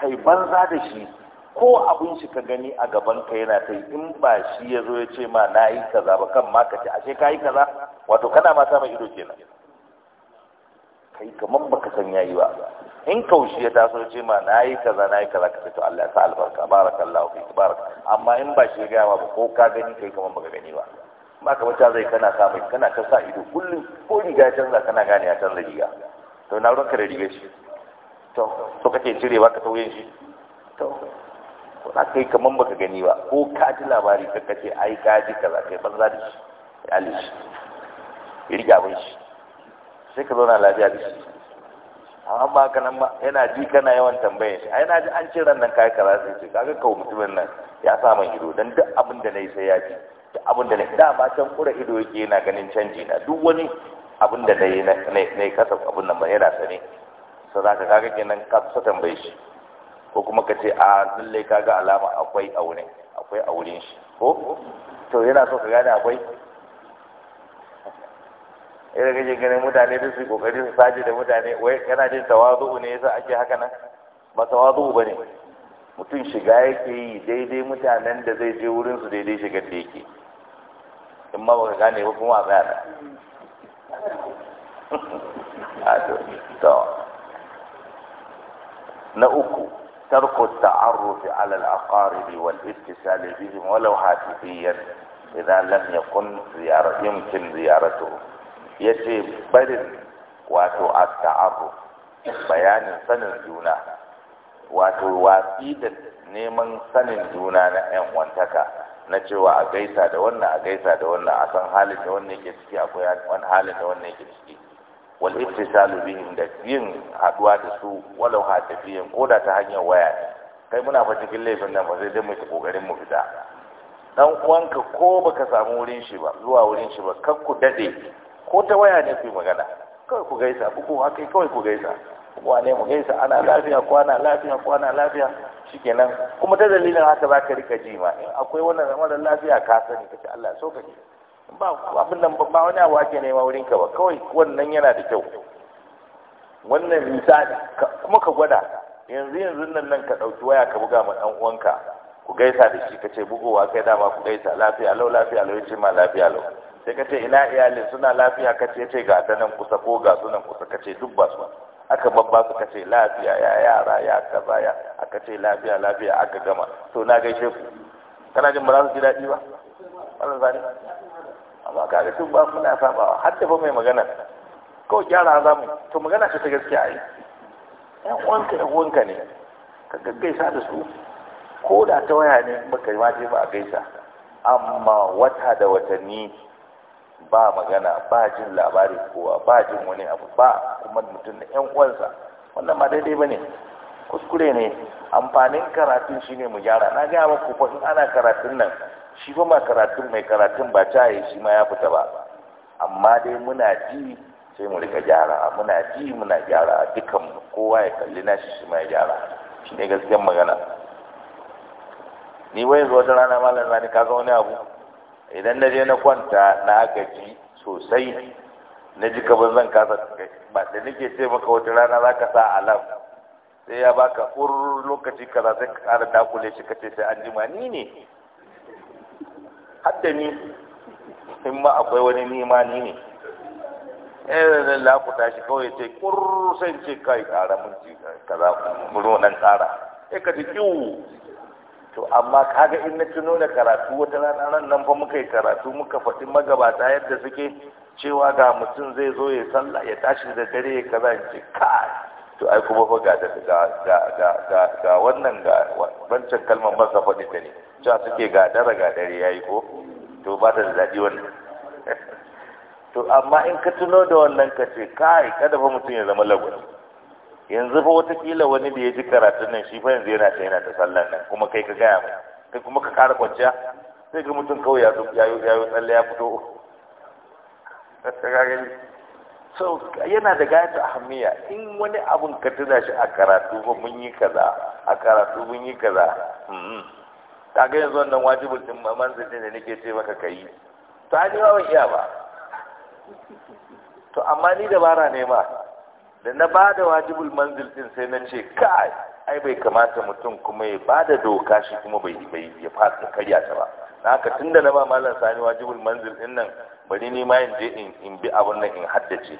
kai banza da shi ko abin shi ka gani a gaban ka yana ta in ba shi ya zo ya ce ma na yi kaza ba kan ma ka ce ashe ka yi kaza wato kana mata mai ido kenan kai kaman baka san yayi ba in kaushi ya taso ce ma nayi kaza nayi kaza ka to Allah ya sa albarka barakallahu fi baraka amma in ba shi ga ba ko ka gani kai kaman baka gani ba ba ka wata zai kana sa mai kana ta sa ido kullum ko riga canza kana gane ya canza riga to na ruwanka da riga shi to to kake ba ka tauye shi to na kai kaman baka gani ba ko ka ji labari ka kace ai ka ji kaza kai banza da shi alishi iri rike abin shi sai ka zauna lafiya da shi amma ba ka nan ba yana ji kana yawan tambayan shi ai na ji an ce ran nan kai kaza sai ce kaga kawo mutumin nan ya sa man ido dan duk abin da nayi sai ya ji duk abin da nayi da ba can kura ido yake yana ganin canji na duk wani abin da nayi na nayi kasa abin nan ba yana sane za ka kaga kenan ka sa tambaye shi ko kuma ka ce a lalle kaga alama akwai aure akwai auren shi ko to yana so ka gane akwai irin kake ganin mutane duk su kokari su saje da mutane wai kana jin tawazu ne yasa ake haka nan ba tawazu bane mutum shiga yake yi daidai mutanen da zai je wurin su daidai shigar da yake in ma baka gane ba kuma a tsaya da na uku tarko ta'arrufi ala al-aqarib wal ittisal bihim walau hatifiyan idan lam yakun ziyara yumkin ziyaratuhum ya ce barin wato asta'abu bayanin sanin juna wato watsi da neman sanin juna na 'yan wantaka na cewa a gaisa da wannan a gaisa da wannan a san halin da wannan yake ciki akwai wani halin da wannan yake ciki wal ittisalu bihim da yin haduwa da su walau ha tafiyan ko da ta hanyar waya ne kai muna fa cikin laifin nan ba sai dai mu ta kokarin mu fita dan uwanka ko baka samu wurin shi ba zuwa wurin shi ba kar ku dade ko ta waya ne ku yi magana kawai ku gaisa bugu haka kawai ku gaisa wane mu gaisa ana lafiya kwana lafiya kwana lafiya shikenan kuma ta dalilin haka za ka rika jima in akwai wannan mara lafiya ka sani ka ce Allah so kake ba abin nan ba wani abu ake nema wurin ka ba kawai wannan yana da kyau wannan misali kuma ka gwada yanzu yanzu nan nan ka ɗauki waya ka buga ma ɗan uwanka ku gaisa da shi ka ce bugowa kai dama ku gaisa lafiya lau lafiya lau ya ce ma lafiya lau sai ka ce ina iyalin suna lafiya ka ce ce ga ta nan kusa ko ga sunan kusa ka ce duk ba su aka babba su ka ce lafiya ya yara ya kaza ya aka ce lafiya lafiya aka gama to na gaishe ku kana jin ba za su ji daɗi ba wannan zane amma ka ga ba muna sabawa har da mai magana ko gyara za mu to magana ce ta gaskiya ai ɗan uwanka ɗan uwanka ne ka gaggaisa da su ko da ta waya ne baka ma je ba a gaisa amma wata da watanni ba magana ba jin labarin kowa ba jin wani abu ba kuma mutum da yan uwansa wannan ma daidai bane kuskure ne amfanin karatun shine mu gyara na gaya ma fa in ana karatun nan shi ba ma karatun mai karatun ba ta yi shi ma ya fita ba amma dai muna ji sai mu rika gyara muna ji muna gyara dukan kowa ya kalli nashi shi ma ya gyara shi ne gaskiyar magana ni wai zuwa wata rana malam rani kaga wani abu idan na je na kwanta na gaji sosai na ji kaban zan kasa ba da nake ce maka wata rana za ka sa alam sai ya baka ur lokaci kaza sai ka kara dakule shi ka ce sai an jima ni ne hadda ni in ma akwai wani nima ni ne eh da lafuta shi kawai sai kur sai ce kai kara mun ji kaza mun nan kara sai ka ji kiwu to amma kaga in na tuno da karatu wata rana nan nan fa muka yi karatu muka faɗi magabata yadda suke cewa ga mutum zai zo ya sallah ya tashi da dare ya kaza ya ce kai to ai kuma fa ga ga ga wannan ga bancin kalmar masa faɗi ta ne cewa suke ga dare ga dare yayi ko to ba ta da daɗi wannan to amma in ka tuno da wannan ka ce kai kada fa mutum ya zama lagwani yanzu fa watakila wani da ya ji karatun nan shi fa yanzu yana ta yana ta sallan nan kuma kai ka gaya mai kai kuma ka kara kwanciya sai ga mutum kawai ya zo ya yi tsalle ya fito so yana da ta ahmiya in wani abun ka tuna shi a karatu ba mun yi kaza a karatu mun yi kaza ta ga yanzu wannan wajibin din manzanci da nake ce maka yi to an ba wa iya ba to amma ni dabara ne ma da na ba da wajibul manzil din sai na ce kai ai bai kamata mutum kuma ya ba da doka shi kuma bai bai ya fasa karya ta ba na haka tunda na ba malam sani wajibul manzil din nan bari ni ma in je in bi abun nan in haddace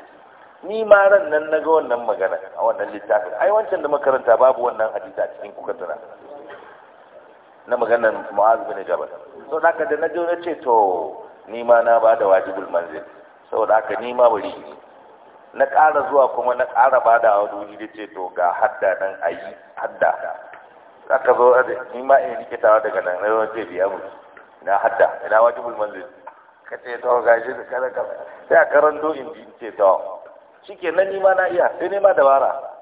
ni ma ran nan na ga wannan magana a wannan littafin ai wancan da makaranta babu wannan hadisi cikin kuka tana na maganar mu'az bin jabal so da haka da na je na ce to ni ma na ba da wajibul manzil saboda haka ni ma bari na ƙara zuwa kuma na ƙara ba da wani da ce to ga hadda nan a yi hadda za ka zo ni ma in likitawa daga nan na yawan ce biya mutu ina hadda ina bulman zai ka ce to ga shi da kada ka sai a karanto in bi ce to shi ke nan ni ma na iya sai ne ma dabara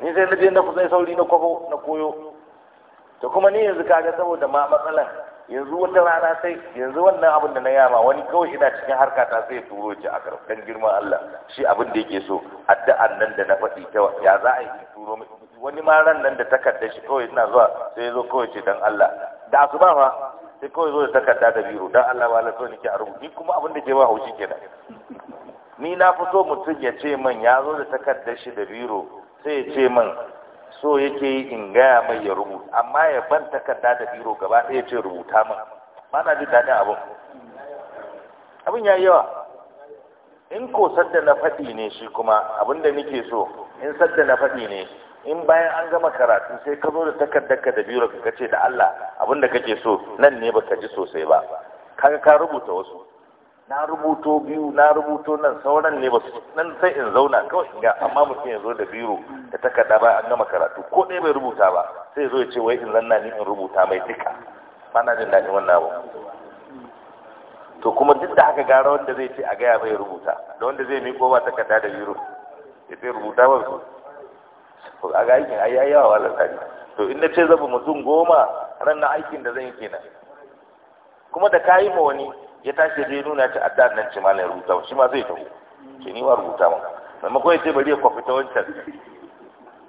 ni sai na je na kusa sauri na kwabo na koyo to kuma ni yanzu kaga saboda ma matsalar yanzu wata rana sai yanzu wannan abin da na yama wani kawai ina cikin harka ta sai turo ji a dan girman Allah shi abin da yake so addu'an nan da na faɗi ta ya za a yi turo wani ma ran nan da takarda shi kawai ina zuwa sai zo kawai ce dan Allah da asuba fa sai kawai zo da takarda da biro dan Allah ba Allah so nake a rubuta kuma abin da ke ba haushi kenan ni na fito mutum ya ce man ya zo da takarda shi da biro sai ya ce man so yake yi in gaya mai ya rubuta amma ya ban takarda da biro gaba ɗaya ce rubuta min ba na jin daɗin abin abin ya yi yawa in ko sadda na faɗi ne shi kuma abin da nake so in sadda na faɗi ne in bayan an gama karatu sai ka zo da takardarka da biro ka ce da Allah abin da kake so nan ne baka ji sosai ba kaga ka rubuta wasu na rubuto biyu na rubuto nan sauran ne ba su nan sai in zauna kawai in ga amma mutum ya zo da biro da takarda ba an gama karatu ko ɗaya bai rubuta ba sai zo ya ce wai in zanna ni in rubuta mai duka ba na jin daɗin wannan abu to kuma duk da haka gara wanda zai ce a gaya bai rubuta da wanda zai miƙo ba takarda da biro ya sai rubuta ba su a ga aikin ai yawa wala tsari to in na ce zabu mutum goma ran na aikin da zan yi kenan kuma da kayi ma wani ya tashi zai nuna ta addan nan ce malam rubuta shi ma zai taho ce ni ma rubuta ma maimakon ya ce bari ya kwafi ta wancan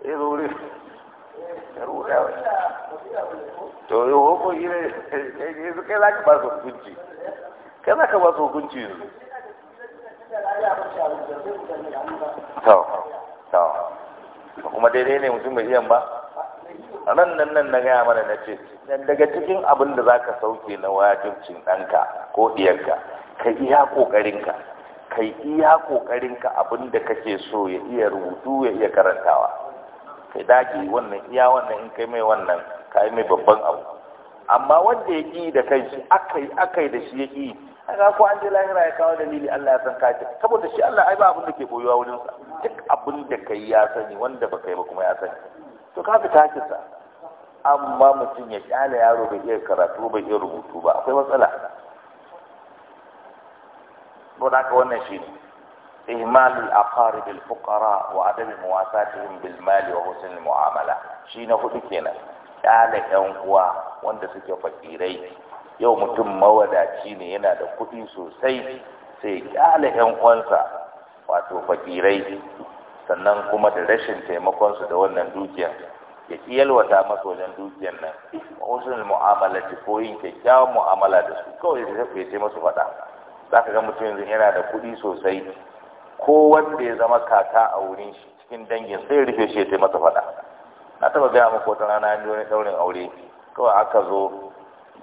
ya zo wuri ya rubuta wa to yi hoko gina yanzu kai za ka ba su hukunci kai za ka ba su hukunci yanzu to to kuma daidai ne mutum bai iya ba nan nan nan na gaya mana na ce daga cikin abin da za ka sauke na wajibcin ɗanka ko ɗiyarka ka iya ƙoƙarinka ka iya ƙoƙarinka abin da kake so ya iya rubutu ya iya karantawa kai dage wannan iya wannan in kai mai wannan ka yi mai babban abu amma wanda ya ƙi da kai akai akai da shi ya ƙi kaga ko an je lahira ya kawo dalili Allah ya san ka ce saboda shi Allah ai ba abin da ke koyuwa wajensa, duk abin da kai ya sani wanda baka yi ba kuma ya sani to ka fita hakinsa amma mutum ya kyale yaro bai iya karatu bai iya rubutu ba akwai matsala da haka wannan shi ne wa muwasatihim bil mal wa husn al-muamala shi na hudu kenan قال ‘yan uwa wanda suke fakirai yau mutum mawadaci ne yana da kuɗi sosai sai ƙyale ‘yan uwansa wato fakirai sannan kuma da rashin taimakon su da wannan dukiyar ya yalwata masa wajen dukiyar nan wasu mu'amala, ko kyakkyawan mu'amala da su kawai da ya ce masu faɗa za ka ga mutum yanzu yana da kuɗi sosai ko wanda ya zama kaka a wurin shi cikin dangin sai ya rufe shi ya ce masa faɗa na taɓa gaya muku wata rana an wani ɗaurin aure kawai aka zo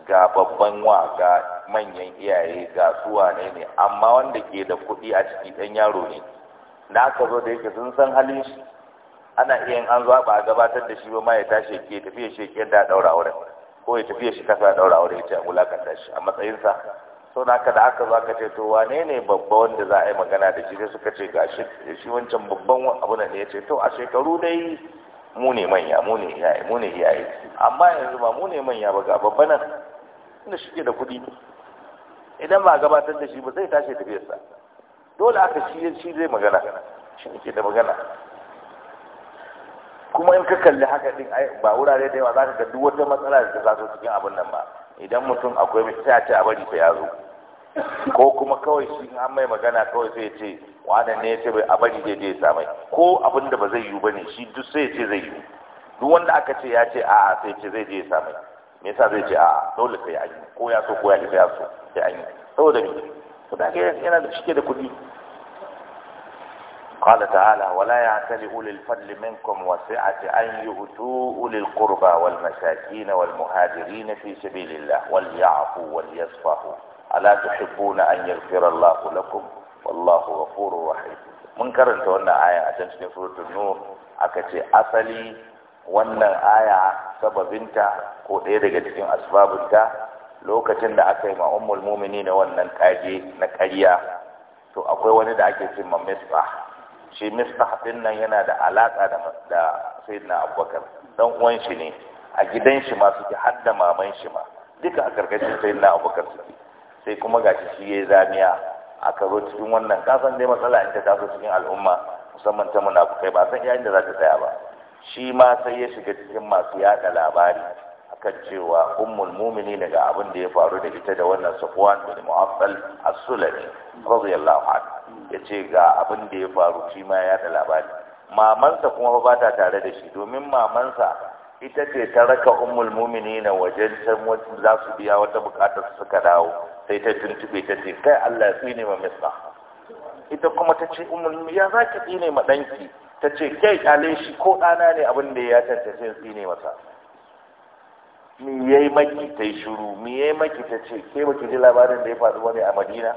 ga babban wa ga manyan iyaye ga suwa ne amma wanda ke da kuɗi a ciki ɗan yaro ne da aka zo da yake sun san halin shi ana iya yin an zuwa ba a gabatar da shi ba ma ya tashi ke tafiya shi ke da daura aure. ko ya tafiya shi kasa daura aure ya ce a mulakanta shi a matsayinsa sau da aka da aka zo aka ce to wane ne babba wanda za a yi magana da shi sai suka ce ga shi shi wancan babban abu ne ya ce to a shekaru dai mu ne manya mu ne iyaye mu ne iyaye amma yanzu ba mu ne manya ba ga babba nan inda shi ke da kuɗi idan ba a gabatar da shi ba zai tashi tafiyarsa dole aka shi shi zai magana shi ne ke da magana kuma in ka kalli haka din ba wurare da yawa za ka ga duk wata matsala da ta zaso cikin abin nan ba idan mutum akwai mai sai a ce a bari ta yazo ko kuma kawai shi an mai magana kawai sai ya ce wannan ne ya ce bai a bari zai je ya samai ko abin da ba zai yiwu bane shi duk sai ya ce zai yiwu duk wanda aka ce ya ce a'a sai ce zai je ya samai me yasa zai ce a'a dole sai ya yi ko ya so ko ya ki ya so sai an yi saboda me saboda yana da cike da kuɗi قال تعالى ولا يعتل أولي الفضل منكم وسعة أن يؤتوا أولي القربى والمساكين والمهاجرين في سبيل الله وليعفوا وليصفحوا ألا تحبون أن يغفر الله لكم والله غفور رحيم من karanta wannan aya a can cikin suratul nur aka ce asali wannan aya sababinta ko ɗaya daga cikin asbabinta lokacin da aka yi ma ummul mumini na wannan kaje na ƙarya to akwai wani da ake cin misbah shi misbah din nan yana da alaka da da sayyidina abubakar dan uwan shi ne a gidan shi ma suke hadda maman shi ma duka a karkashin sayyidina abubakar suke sai kuma ga shi yayi zamiya aka zo cikin wannan kasan dai matsala in ta taso cikin al'umma musamman ta munafukai ba san iya da za ta tsaya ba shi ma sai ya shiga cikin masu yada labari kan cewa ummul mu'minin ga abin da ya faru da ita da wannan Safwan bin Mu'affal as-Sulami radiyallahu anhu yace ga abin da ya faru shi ma ya da labari mamansa kuma ba ta tare da shi domin mamansa ita ce ta raka ummul na wajen san wata za su biya wata bukatar suka dawo sai ta tuntube ta ce kai Allah ya tsine ma misra ita kuma ta ce ummul ya zaki tsine ma danki ta ce kai kyale shi ko ɗana ne abin da ya tantance tsine masa me yayi maki ta yi shiru me yayi maki ta ce ke baki ji labarin da ya faɗi wani a madina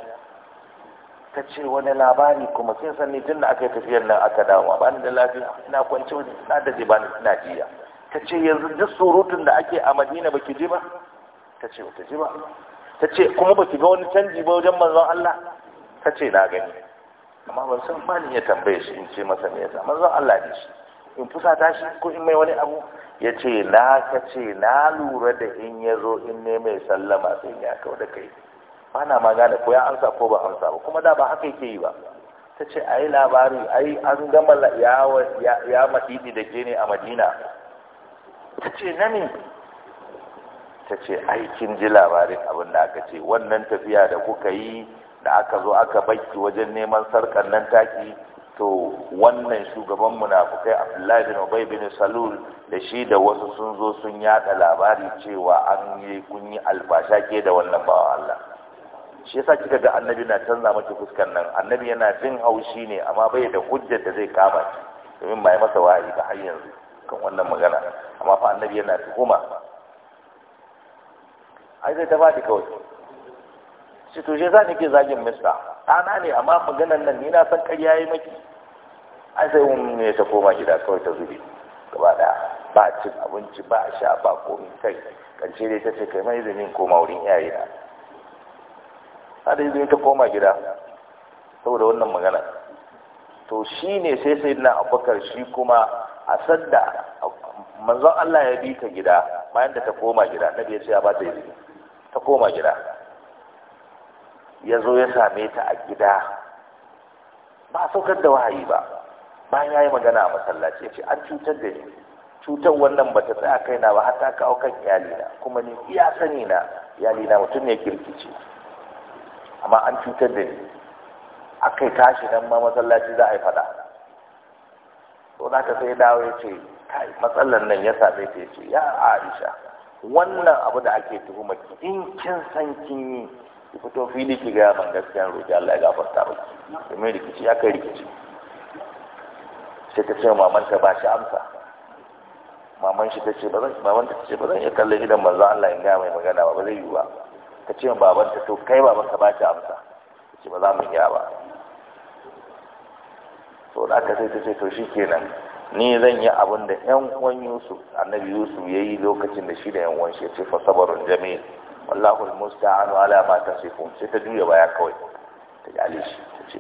ta ce wani labari kuma sai san tun da aka yi tafiyar nan aka dawo ba ni da lafiya ina kwance wani na da ba ni ina jiya ta ce yanzu duk surutun da ake a madina baki ji ba ta ce baki ji ba ta ce kuma baki ga wani canji ba wajen manzon Allah ta ce na gani amma ban san ba ni ya tambaye shi in ce masa me yasa manzon Allah ne shi in fusata shi ko in mai wani abu ya ce na ka ce na lura da in ya zo in ne mai sallama sai ya kau da kai ba na ma ko ya amsa ko ba amsa ba kuma da ba haka yake yi ba ta ce a yi labari a yi an gama ya madini da ke ne a madina ta ce na ne ta ce aikin ji labarin abin da aka ce wannan tafiya da kuka yi da aka zo aka baki wajen neman sarkar nan taki to wannan shugaban munafukai Abdullahi bin Ubay bin Salul da shi da wasu sun zo sun yada labari cewa an yi kun yi albasha ke da wannan bawa Allah shi yasa kika ga annabi na canza miki fuskar nan annabi yana jin haushi ne amma bai da hujjar da zai kama shi domin bai masa wa'azi ba har yanzu kan wannan magana amma fa annabi yana tuhuma ai zai ta fadi kawai shi to shi yasa nake zagin mista ɗana ne amma maganan nan ni na san ƙarya yi maki an sai mun ne ta koma gida kawai ta zube gaba da ba cin abinci ba sha ba komi kai kance dai ta ce kai mai izinin koma wurin iyaye na hada izinin ta koma gida saboda wannan magana to shi ne sai sai na abubakar shi kuma a sadda manzon Allah ya bi ta gida bayan da ta koma gida na ya ce ya ba ta izini ta koma gida ya zo ya same ta a gida ba a saukar da wahayi ba bayan ya yi magana a masallaci ya ce an cutar da ni cutar wannan ba ta tsaya kaina ba har ta kawo kan iyalina kuma ni iya sani na iyalina mutum ne kirkice amma an cutar da ni aka kai tashi nan ma masallaci za a yi fada to za ka sai dawo ya ce matsalar nan ya same ta ya ce ya aisha wannan abu da ake tuhuma in kin san kin yi ki fito fili ki gaya man gaskiya roki Allah ya gafarta ba domin rikici ya kai rikici sai ta ce maman ta ba shi amsa maman shi ta ce ba zan maman ta ce ba zan iya kallon idan manzo Allah ya gaya mai magana ba ba zai yi ba ta ce baban ta to kai baban ka ba shi amsa ta ce ba za mu iya ba to da aka sai ta ce to kenan, ni zan yi abin da yan uwan Yusuf annabi Yusuf yayi lokacin da shi da yan uwan shi ya ce fa sabarun jamil wallahu almusta'anu ala ma tasifun sai ta juya baya kawai ta yale shi ta ce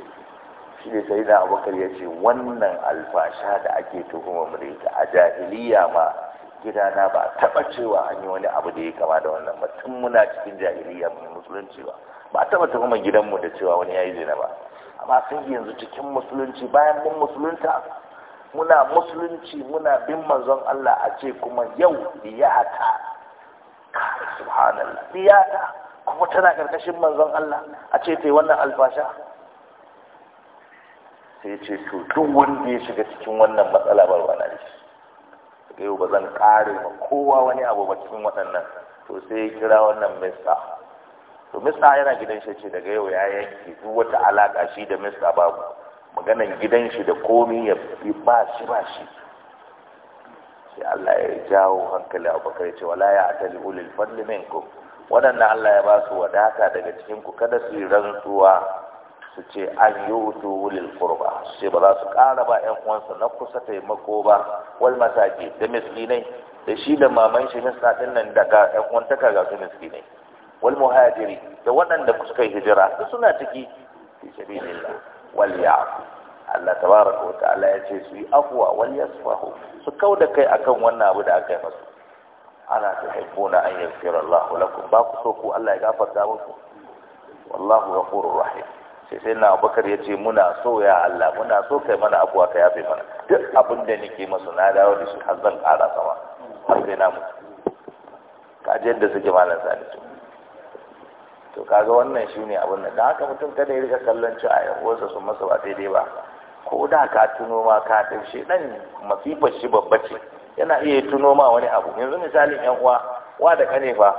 shi ne sai da abubakar ya ce wannan alfasha da ake tuhumar mu da a jahiliya ma gidana ba taba cewa an yi wani abu da ya kama da wannan ba tun muna cikin jahiliya mu musulunci ba ba taba tuhumar gidanmu da cewa wani ya yi zina ba amma sun yanzu cikin musulunci bayan mun musulunta muna musulunci muna bin manzon Allah a ce kuma yau ya hata subhanallah diyata kuma tana karkashin manzon Allah a ce ta yi wannan alfasha sai ce to duk wanda ya shiga cikin wannan matsala ba wa na yau ba zan kare ma kowa wani abu ba cikin waɗannan to sai ya kira wannan mista to mista yana gidan shi ce daga yau ya yanke duk wata alaƙa shi da mista babu maganan gidan shi da komi ya ba shi ba shi sai Allah ya jawo hankali a bakar ce wala ya atali ulil fadli minkum Wadanda Allah ya ba su wadata daga cikin ku kada su yi rantsuwa su ce an yi wutu wulil kurba su ce ba za su ƙara ba ƴan uwansu na kusa taimako ba wal masaki da miskinai da shi da maman shi min sadin nan daga ƴan uwan ga su miskinai wal muhajiri da waɗanda suka yi hijira su suna ciki fi sabilillah wal ya'fu Allah tabaraka wa ta'ala ya ce su yi afuwa wal yasfahu su kauda kai akan wannan abu da aka yi masu ana tuhibbuna an yaghfira Allah lakum ba ku so ku Allah ya gafarta muku wallahu ghafurur rahim sai sai na Abubakar ya ce muna so ya Allah muna so kai mana afuwa ka yafe mana duk abin da nake masa na dawo da shi har zan ƙara sama har sai na mutu kaji yadda suke malam sani to to kaga wannan shine abin da haka mutum kada ya rika kallon ci a yan uwarsa sun masa ba daidai ba ko da ka tuno ma ka ɗaushe ɗan masifar shi babba ce yana iya tuno ma wani abu yanzu misalin yan uwa wa da kane fa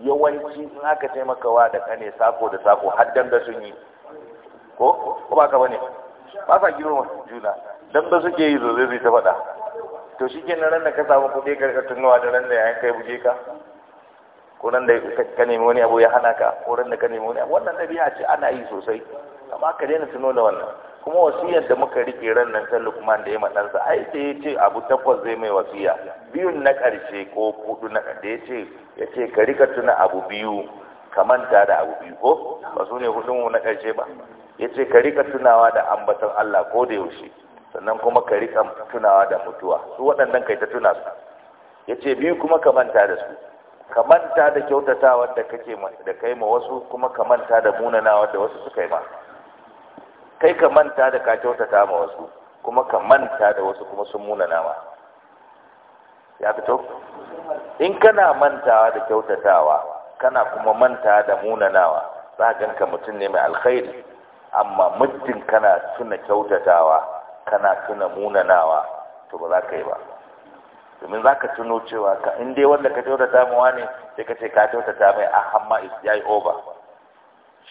yawanci in aka ce maka wa da kane sako da sako dan da sun yi ko ko ba ka bane ba sa girma juna dan da suke yi zo zai ta faɗa to shi ke nan da ka samu kuɗi karka tunawa da ran da yayin kai buje ka ko nan da ka nemi wani abu ya hana ka ko ran da ka nemi wani abu wannan ɗabi'a ce ana yi sosai amma ka daina tuno da wannan kuma wasiyar da muka rike ran nan ta lukman da ya maɗansa ai da ya ce abu takwas zai mai wasiya biyun na ƙarshe ko hudu na da ya ce ya ce ka rika tuna abu biyu ka manta da abu biyu ko ba su ne hudu na ƙarshe ba ya ce ka rika tunawa da ambaton Allah ko da yaushe sannan kuma ka rika tunawa da mutuwa su waɗannan kai ta tuna su ya ce biyu kuma ka manta da su ka manta da kyautatawa da kake da kai ma wasu kuma ka manta da munanawa da wasu suka yi ma kai ka manta da ka kyautata ma wasu kuma ka manta da wasu kuma sun muna nama ya fito in kana mantawa da kyautatawa kana kuma manta da muna nama za a ganka mutum ne mai alkhairi amma muddin kana tuna kyautatawa kana tuna nama to ba za ka yi ba domin za ka tuno cewa in dai wanda ka kyautata mawa ne sai ka ce ka kyautata mai a hamma is yi over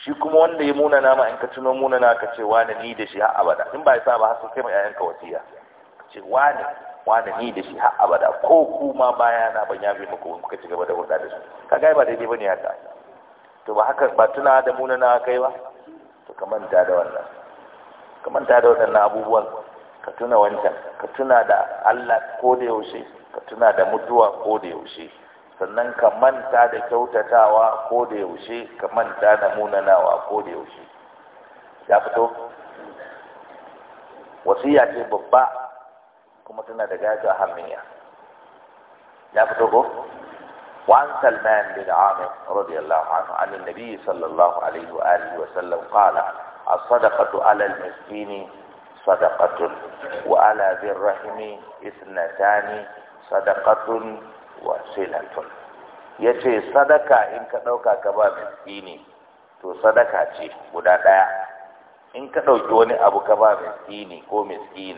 shi kuma wanda ya muna nama in ka tuno muna na ka ce wani ni da shi har abada in ba ya sa ba har sai kai ma ka wasiya ka ce wani wani ni da shi har abada ko kuma baya na ban yabe muku kuka ci gaba da hulɗa da su ka ga ba daidai bane haka to ba haka ba tuna da muna na kai ba to ka manta da wannan ka manta da wannan abubuwan ka tuna wancan ka tuna da Allah ko da yaushe ka tuna da mutuwa ko da yaushe sannan ka manta da kyautatawa ko da yaushe ka manta da munanawa ko da yaushe ya fito wasiya ce babba kuma tana da gajiyar hannunya ya fito ko wan salman bin amir radiyallahu anhu an nabi sallallahu alaihi wa alihi wa sallam qala as-sadaqatu ala al-miskin sadaqatun wa ala dhir rahimi ithnatani sadaqatun wasilatun ya ce sadaka in ka ɗauka ka ba ne, to sadaka ce guda ɗaya in ka ɗauki wani abu ka ba ne ko mai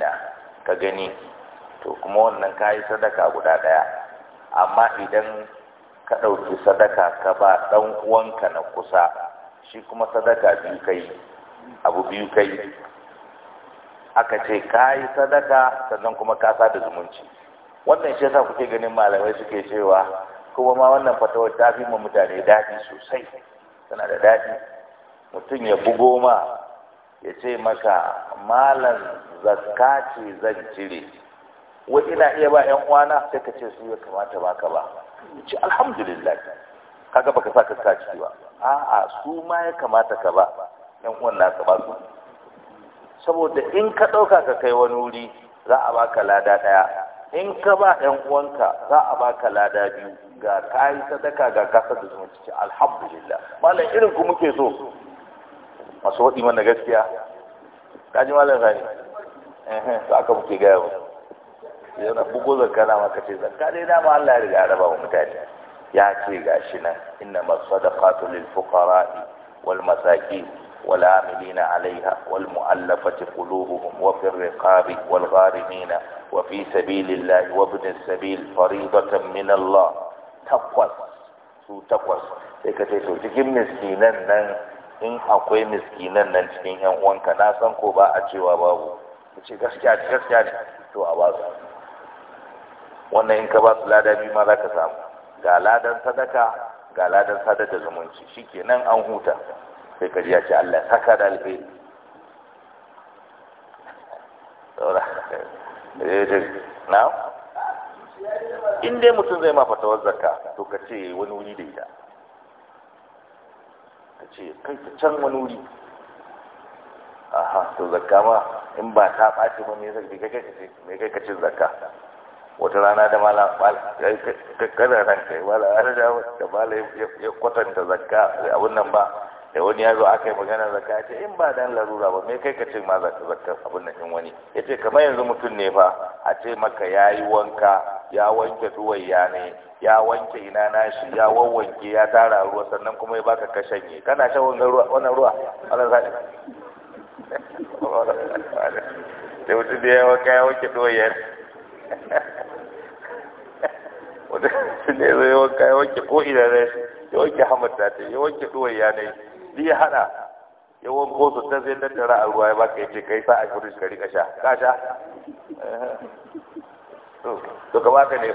ka gani to kuma wannan ka yi sadaka guda ɗaya amma idan ka ɗauki sadaka ka ba ɗan uwanka na kusa shi kuma sadaka biyu kai abu biyu kai aka ce ka yi sadaka sannan kuma ka da zumunci wannan shi yasa kuke ganin malamai suke cewa kuma ma wannan fatawar ta fi ma mutane daɗi sosai tana da daɗi mutum ya bugo ma ya ce maka malam zakka ce zan cire wai ina iya ba ƴan uwana sai ka ce su ya kamata ba ka ba ce alhamdulillah kaga baka sa kaska ciki ba a'a su ma ya kamata ka ba ƴan uwan ka ba su saboda in ka ɗauka ka kai wani wuri za a baka lada ɗaya in ka ba ɗan uwanka za a baka lada biyu ga kayi sadaka ga kasar da ciki, alhamdulillah malam irin ku muke so masu waɗi mana gaskiya ji malam sani eh to aka muke gaya ba. yau na bugu zakka na maka ce zarka dai ma Allah ya riga ya raba wa mutane ya ce shi nan inna sadaka tulil fuqara wal masaki والعاملين عليها والمؤلفة قلوبهم وفي الرقاب والغارمين وفي سبيل الله وابن السبيل فريضة من الله تقوى su takwas sai ka ce to cikin miskinan nan in akwai miskinan nan cikin yan uwanka na san ko ba a cewa babu ka ce gaskiya ne gaskiya ne to a basu wannan in ka ba su lada biyu ma za ka samu ga ladan sadaka ga ladan sadar da zumunci shikenan an huta sai ka ji ya ce Allah saka da alheri na in dai mutum zai ma fatawar zakka to ka ce wani wuri da ita ka ce kai ta can wani wuri aha to zakka ma in ba ta ɓaci ba me zai kai kace me kai kace zakka wata rana da malam kada ranka wala har da da malam ya kwatanta zakka abin nan ba da wani ya zo aka yi magana zaka ce in ba dan larura ba me kai ka ce ma zaka zakar abin nan in wani ya ce kamar yanzu mutum ne fa a ce maka ya yi wanka ya wanke ya ne ya wanke ina na shi, ya wawwanke ya tara ruwa sannan kuma ya baka kashanye kana shan wannan ruwa wannan ruwa ya sani da mutum da ya wanka ya wanke duwayya mutum ne zai wanka ya wanke ko ina nashi ya wanke hamata ta ya wanke ya ne duk ya hada yawan koso ta zai tattara a ruwa ya baka yace kai sa a shi ka rika sha ka sha to ka baka ne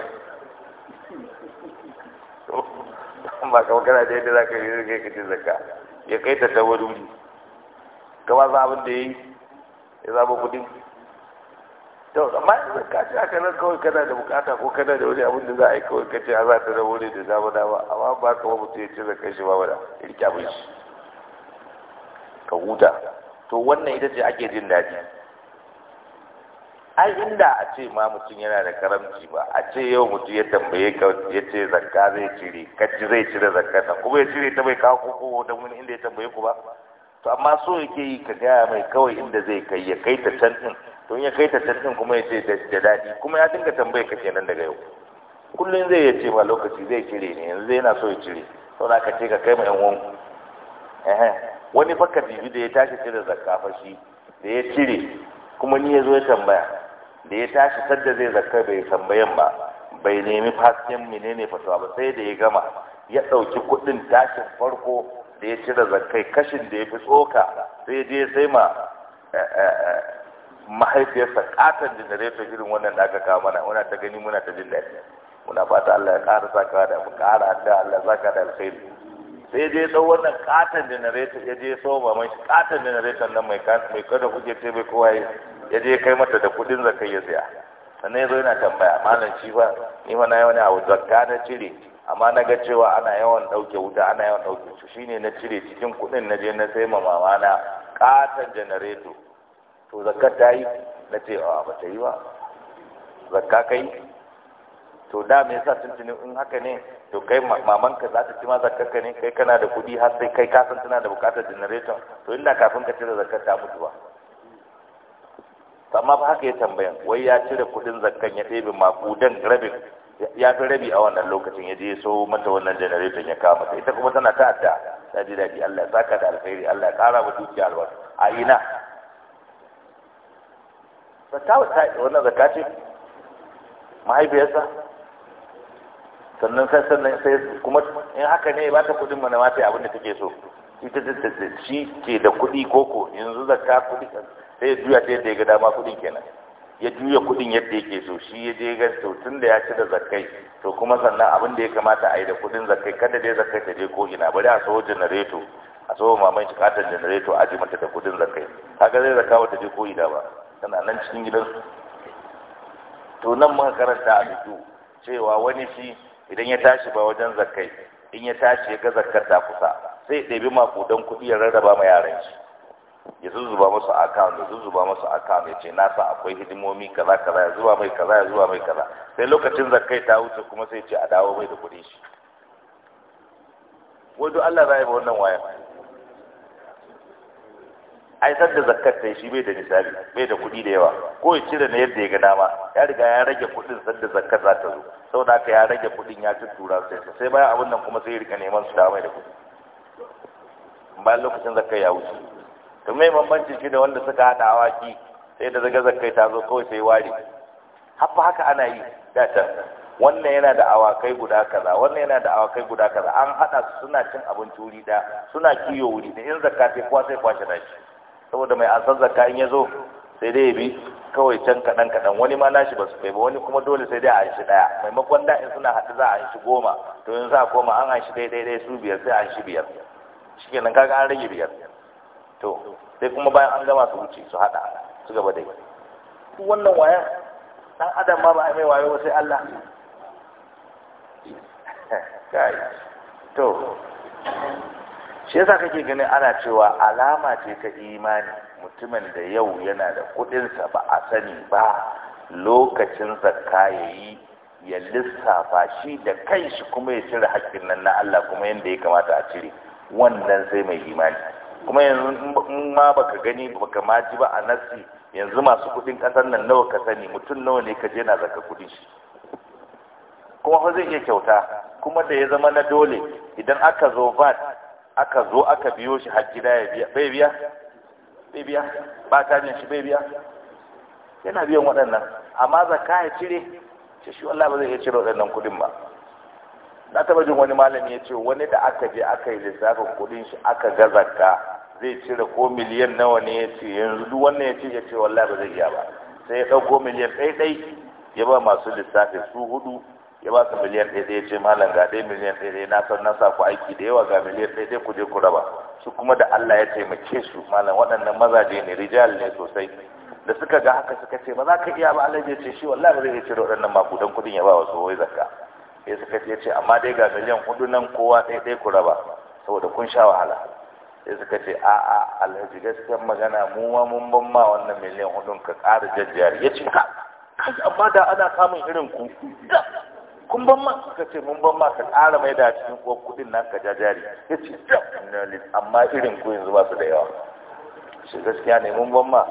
ba ka magana da yadda za ka yi kai ka ci zaka ya kai ta tawaruri ka ba za abin da ya yi ya zaba kudin to amma in ka ci aka nan kawai kana da bukata ko kana da wani abin da za a yi kawai ka ce a za ta zama wani da zama dama amma ba ka ba mutum ya ci zaka shi ba wada ya rike abin shi ka huta to wannan ita ce ake jin daɗi ai inda a ce ma mutum yana da karamci ba a ce yau mutum ya tambaye ka ya ce zakka zai cire kacci zai cire zakka ta kuma ya cire ta bai kawo koko da wani inda ya tambaye ku ba to amma so yake yi ka gaya mai kawai inda zai kai ya kai ta can din to ya kai ta can din kuma ya ce da daɗi kuma ya dinga tambaye ka kenan daga yau kullum zai ya ce ma lokaci zai cire ne yanzu zai yana so ya cire to da ka ce ka kai ma yan uwanku wani baka katifi da ya tashi cire zakka shi da ya cire kuma ni ya zo ya tambaya da ya tashi sadda zai zakka bai tambayan ba bai nemi hasken menene fatawa ba sai da ya gama ya ɗauki kuɗin tashin farko da ya cire zakkai kashin da ya fi tsoka sai je sai ma eh, eh, eh, mahaifiyarsa katon janareto irin wannan da aka kawo mana muna ta gani muna ta jin daɗi muna fata Allah ya ƙara kawo da mu ƙara da Allah ka da alkhairi sai je ɗau wannan katon generator ya je so ba shi katon generator nan mai mai kada kuke ce bai kowa ya je kai mata da kuɗin zakai ya siya sannan ya zo yana tambaya malam shi ba ni ma na yi wani abu zakka na cire amma na ga cewa ana yawan ɗauke wuta ana yawan ɗauke su shine na cire cikin kuɗin na je na sai ma mama na katon generator to zakka ta yi na ce a ba ta yi ba zakka kai to da me yasa tuntuni in haka ne to kai mamanka za ta ci ma zakarka ne kai kana da kuɗi har sai kai kasan tana da bukatar generator to inda kafin ka cire zakar ta mutu ba amma ba haka ya tambaya wai ya cire kuɗin zakkan ya ɗebe maƙudan rabin ya fi rabi a wannan lokacin ya je so mata wannan generator ya kama. ta ita kuma tana ta adda ta ji daɗi Allah ya saka da alkhairi Allah ya ƙara wa dukiya albarka a ina zakka wannan zakka ce mahaifiyarsa sannan sai sannan sai kuma in haka ne ba ta kudin mana ma abin da take so ita ta shi ke da kudi koko yanzu ka kudi sai ya juya ta yadda ya ga dama kudin kenan ya juya kudin yadda yake so shi ya je ga to tun da ya ci da zakai to kuma sannan abin da ya kamata a yi da kudin zakai kada dai zakai ta je ko ina bari a sawo janareto a sawo maman shi katon janareto a ji mata da kudin zakai haka zai zaka wata je ko ina ba tana nan cikin gidansu to nan muka karanta a cewa wani shi idan ya tashi ba wajen zakai in ya tashi ya ga zakar ta kusa sai ya ɗebi makudan kuɗi ya rarraba ma yaran shi ya zuzzuba musu account ya zuzzuba musu account ya ce nasa akwai hidimomi kaza kaza ya zuba mai kaza ya zuba mai kaza sai lokacin zakai ta wuce kuma sai ce a dawo mai da kuɗi shi wai duk Allah zai ba wannan wayan ai san da zakkar ta shi bai da nisabi bai da kuɗi da yawa ko ya cire na yadda ya ga dama ya riga ya rage kuɗin san da zakkar za ta zo saboda haka ya rage kuɗin ya tura sai sai bayan abin nan kuma sai ya rika neman su damai da kuɗi bayan lokacin zakkar ya wuce to mai bambanci shi da wanda suka haɗa awaki sai da zaga zakkai ta zo kawai sai ware haffa haka ana yi da wannan yana da awakai guda kaza wannan yana da awakai guda kaza an haɗa su suna cin abinci wuri ɗaya suna kiyo wuri da in zakka sai kowa sai kwashe shi saboda mai asar zakka in ya zo sai dai ya bi kawai can kaɗan kaɗan wani ma nashi ba su kai ba wani kuma dole sai dai a shi ɗaya maimakon da in suna haɗu za a shi goma to in za a koma an anshi ɗaya ɗaya su biyar sai an anshi biyar shi kenan kaga an rage biyar to sai kuma bayan an gama su wuce su haɗa su gaba da yi wannan waya ɗan adam ma ba a mai wayo sai Allah kai to shi yasa kake ganin ana cewa alama ce ta imani mutumin da yau yana da kuɗinsa ba a sani ba lokacin zakka yayi ya lissafa shi da kai kanshi kuma ya cire haƙƙin nan na Allah kuma yanda ya kamata a cire wannan sai mai imani kuma yanzu in ma baka gani baka ma ji ba a nasi yanzu masu kuɗin ƙasar nan nawa ka sani mutum nawa ne ka je na zakka kuɗin shi kuma fa zai iya kyauta kuma da ya zama na dole idan aka zo VAT aka zo aka biyo shi har da ya biya bai biya bai biya ba ta jin shi bai biya yana biyan waɗannan amma zakka ya cire ce shi wallahi ba zai iya cire waɗannan kuɗin ba na taɓa jin wani malami ya ce wani da aka je aka yi lissafin kuɗin shi aka ga zakka zai cire ko miliyan nawa ne ya ce yanzu duk wannan ya ce ya ce wallahi ba zai iya ba sai ya ɗauko miliyan ɗai ɗai ya ba masu lissafin su hudu ya ba su miliyan ɗaya ɗaya ce malam ga dai miliyan ɗaya ɗaya na san na sa ku aiki da yawa ga miliyan ɗaya ɗaya ku je ku raba su kuma da Allah ya taimake su malam waɗannan mazaje ne rijal ne sosai da suka ga haka suka ce ba za ka iya ba Allah ya ce shi wallahi zai ce cire waɗannan makudan kuɗin ya ba wa su wai zakka sai suka ce ce amma dai ga miliyan hudu nan kowa ɗaya ɗaya ku raba saboda kun sha wahala sai suka ce a a alhaji gaskiyar magana mu ma mun ban ma wannan miliyan hudun ka ƙara jajjari ya ce ka amma da ana samun irin ku kun ban ma suka ce mun ban ma ka ƙara mai da cikin kuwa kuɗin nan ka jajari ya ce amma irin ku yanzu ba su da yawa shi gaskiya ne mun ban ma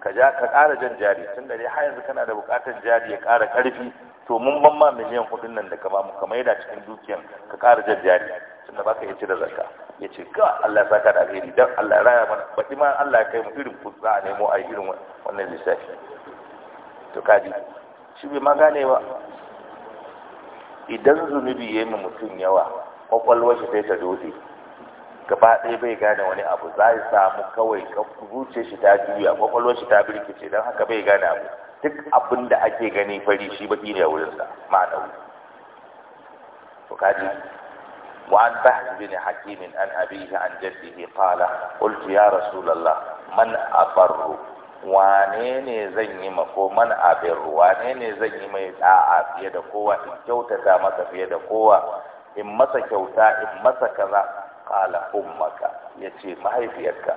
ka ja ka ƙara jan jari tun da dai har yanzu kana da buƙatar jari ya ƙara ƙarfi to mun ban ma miliyan kudin nan da ka ba mu ka mai da cikin dukiyan ka ƙara jan jari tun da baka yace da zakka ya ce ka Allah ya saka da alheri dan Allah ya raya mana baɗi ma Allah ya kai mu irin ku za a nemo a irin wannan lissafi to kaji shi bai ma gane ba idan zunubi ya yi mutum yawa kwakwalwar shi sai ta dole gaba ɗaya bai gane wani abu za ya samu kawai zuciyar shi ta juya kwakwalwar shi ta birkice don haka bai gane abu duk abin da ake gani fari shi baki ne wurinsa ma'anawi to kaji وعن بحث بن حكيم an أبيه عن جده قال قلت rasu رسول man a أبر wane ne zan yi ma ko man abin ruwa ne zan yi mai da'a fiye da kowa in kyautata masa fiye da kowa in masa kyauta in masa kaza kala ummaka yace mahaifiyarka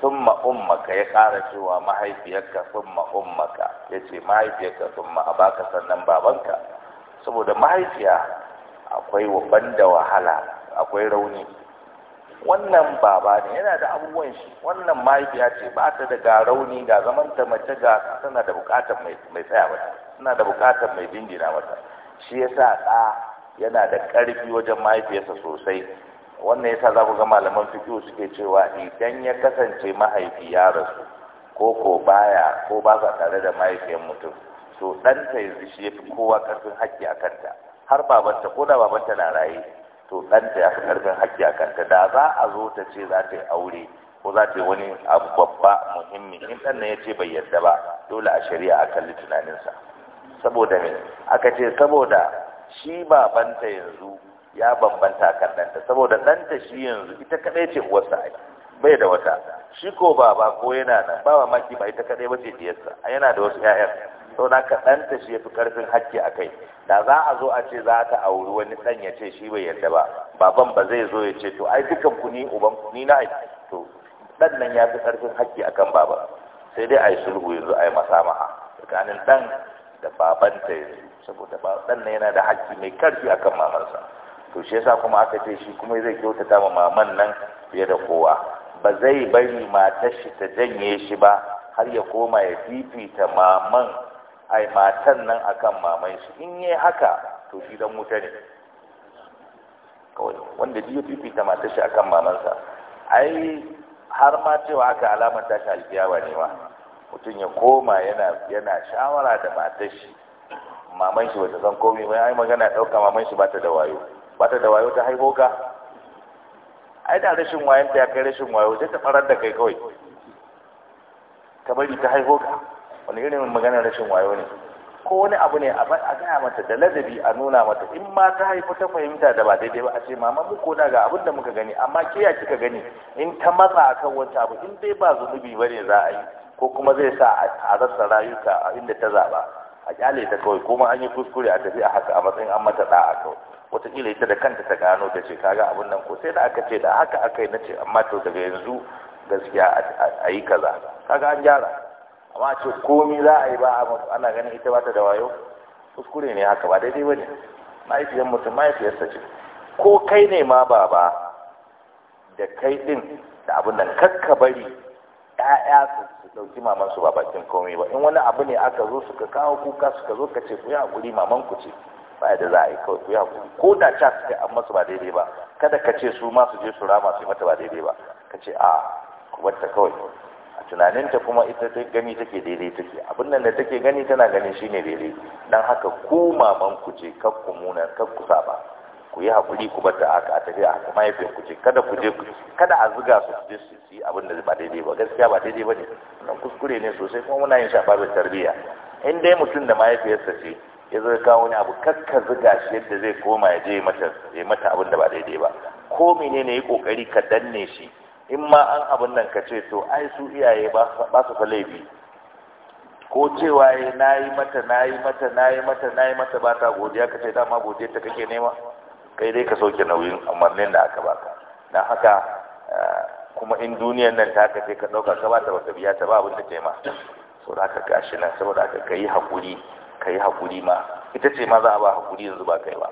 Sun ummaka ya ƙara cewa mahaifiyarka sun ummaka yace mahaifiyarka summa abaka sannan babanka saboda mahaifiya akwai wanda wahala akwai rauni wannan baba ne yana da abubuwan shi wannan mahaifiya ce ba ta da garauni rauni ga zaman ta mace ga tana da bukatar mai tsaya mata tana da bukatar mai bindina mata shi yasa ɗa yana da karfi wajen mahaifiyarsa sosai wannan yasa za ku ga malaman fiqh suke cewa idan ya kasance mahaifi ya rasu ko ko baya ko ba sa tare da mahaifiyar mutum to ɗanta yanzu shi ya fi kowa ƙarfin haƙƙi a kanta har babanta ko da babanta na raye to ɗanta ya fi ƙarfin haƙƙi a kanta da za a zo ta ce za ta yi aure ko za ta yi wani abu babba muhimmi in ɗan nan ya ce bai yarda ba dole a shari'a a kalli tunaninsa saboda me aka ce saboda shi babanta yanzu ya bambanta kan ɗanta saboda ɗanta shi yanzu ita kaɗai ce uwarsa ai bai da wata shi ko baba ko yana nan ba mamaki ba ita kaɗai ba ce diyarsa yana da wasu 'ya'yan sau kaɗanta ɗanta shi ya fi ƙarfin hakki a kai da za a zo a ce za ta auri wani ɗan ya ce shi bai yarda ba baban ba zai zo ya ce to ai dukan ku ni uban ku ni na aiki to ɗan nan ya fi ƙarfin hakki a kan baban sai dai a yi sulhu yanzu a yi masamaha tsakanin ɗan da babanta yanzu saboda ɗan nan yana da hakki mai ƙarfi a kan mamarsa to shi yasa kuma aka ce shi kuma zai kyautata ma maman nan fiye da kowa ba zai bari matar shi ta janye shi ba har ya koma ya fifita maman ai matan nan akan maman su in yi haka to gidan wuta ne kawai wanda biyu fifita matar shi akan mamansa ai har ma cewa aka alamar shi alkiyawa ne wa mutum ya koma yana yana shawara da matar shi maman shi bata san komai ba ai magana ɗauka maman shi bata da wayo bata da wayo ta haifo ka ai da rashin wayon ta ya kai rashin wayo sai ta farar da kai kawai ta bari ta haifo ka wani irin magana rashin wayo ne ko wani abu ne a gaya mata da ladabi a nuna mata in ma ta haifi ta fahimta da ba daidai ba a ce mama mu ko daga abin da muka gani amma ke ya kika gani in ta matsa kan wancan abu in dai ba zunubi ba ne za a yi ko kuma zai sa a rasa rayuka a inda ta zaba a kyale ta kawai kuma an yi kuskure a tafi a haka a matsayin an mata da'a kawai wataƙila ita da kanta ta gano ta ce kaga abin nan ko sai da aka ce da haka aka yi na ce amma to daga yanzu gaskiya a yi kaza kaga an gyara amma ce komi za a yi ba a ana ganin ita ba ta da wayo kuskure ne haka ba daidai bane mahaifiyar mutum mahaifiyarsa ce ko kai ne ma ba da kai din da abin nan kakka bari ɗaya su ɗauki maman su ba bakin komai ba in wani abu ne aka zo suka kawo kuka suka zo ka ce ku yi hakuri maman ku ce ba da za a yi kawai ku yi hakuri ko da ca suka an masu ba daidai ba kada ka ce su ma su je su rama su yi mata ba daidai ba ka ce a ku bar ta kawai tunaninta kuma ita ta gani take daidai take abin nan da take gani tana ganin shine daidai dan haka ku maman ku ce kar ku muna kar ku saba ku yi hakuri ku bata aka a tafi kuma mahaifin ku ce kada ku je kada a zuga su je su ci abin da ba daidai ba gaskiya ba daidai bane nan kuskure ne sosai kuma muna yin shafa da tarbiyya in dai mutum da mahaifiyarsa ce ya zo kawo wani abu kakka zuga shi yadda zai koma ya je mata ya mata abin da ba daidai ba ko menene yi kokari ka danne shi in ma an abin nan ka ce to ai su iyaye ba su fa laifi ko cewa ya eh, na yi mata na yi mata na yi mata na yi mata ba ta godiya ka ce dama godiya ta kake nema kai dai ka sauke nauyin umarnin da aka baka Na haka eh, kuma in duniyar nan ta haka ka ɗauka ka ba ta wata biya ta ba abin da ta yi ma so da aka gashi nan saboda aka ka yi haƙuri ka yi haƙuri ma ita ce ma za a ba haƙuri yanzu ba kai ba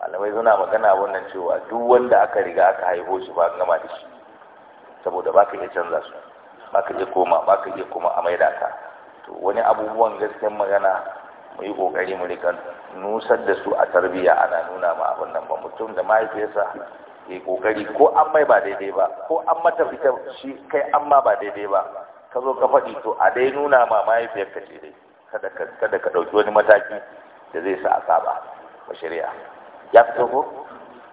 malamai suna magana wannan cewa duk wanda aka riga aka haihu shi ba gama da shi saboda ba ka iya canza su ba ka iya koma ba ka iya koma a maida ka to wani abubuwan gaskiyar magana mu yi kokari mu rika nusar da su a tarbiyya ana nuna ma abin nan ba mutum da mahaifiyarsa yayi kokari ko an mai ba daidai ba ko an mata fita shi kai an ma ba daidai ba ka zo ka faɗi to a dai nuna ma mahaifiyar ka ce dai kada ka ɗauki wani mataki da zai sa a saba ba shari'a ya fito ko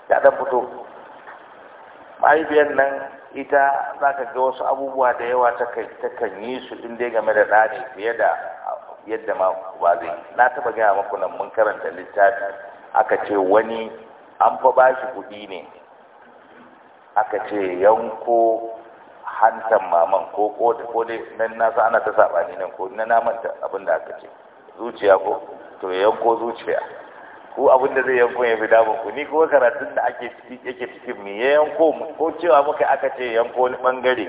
ya dan fito mahaifiyar nan ita za ka ga wasu abubuwa da yawa ta kan yi su in dai game da ɗani fiye da yadda ma ba zai na taɓa gaya maku nan mun karanta littafi aka ce wani an fa ba shi kuɗi ne aka ce yanko hantan maman ko ko da ko dai nan na ana ta saɓani nan ko na namanta abin da aka ce zuciya ko to yanko zuciya ko abin da zai yanko ya fi damun ku ni kuma karatun da ake yake cikin mai ya yanko ko cewa muka aka ce yanko wani bangare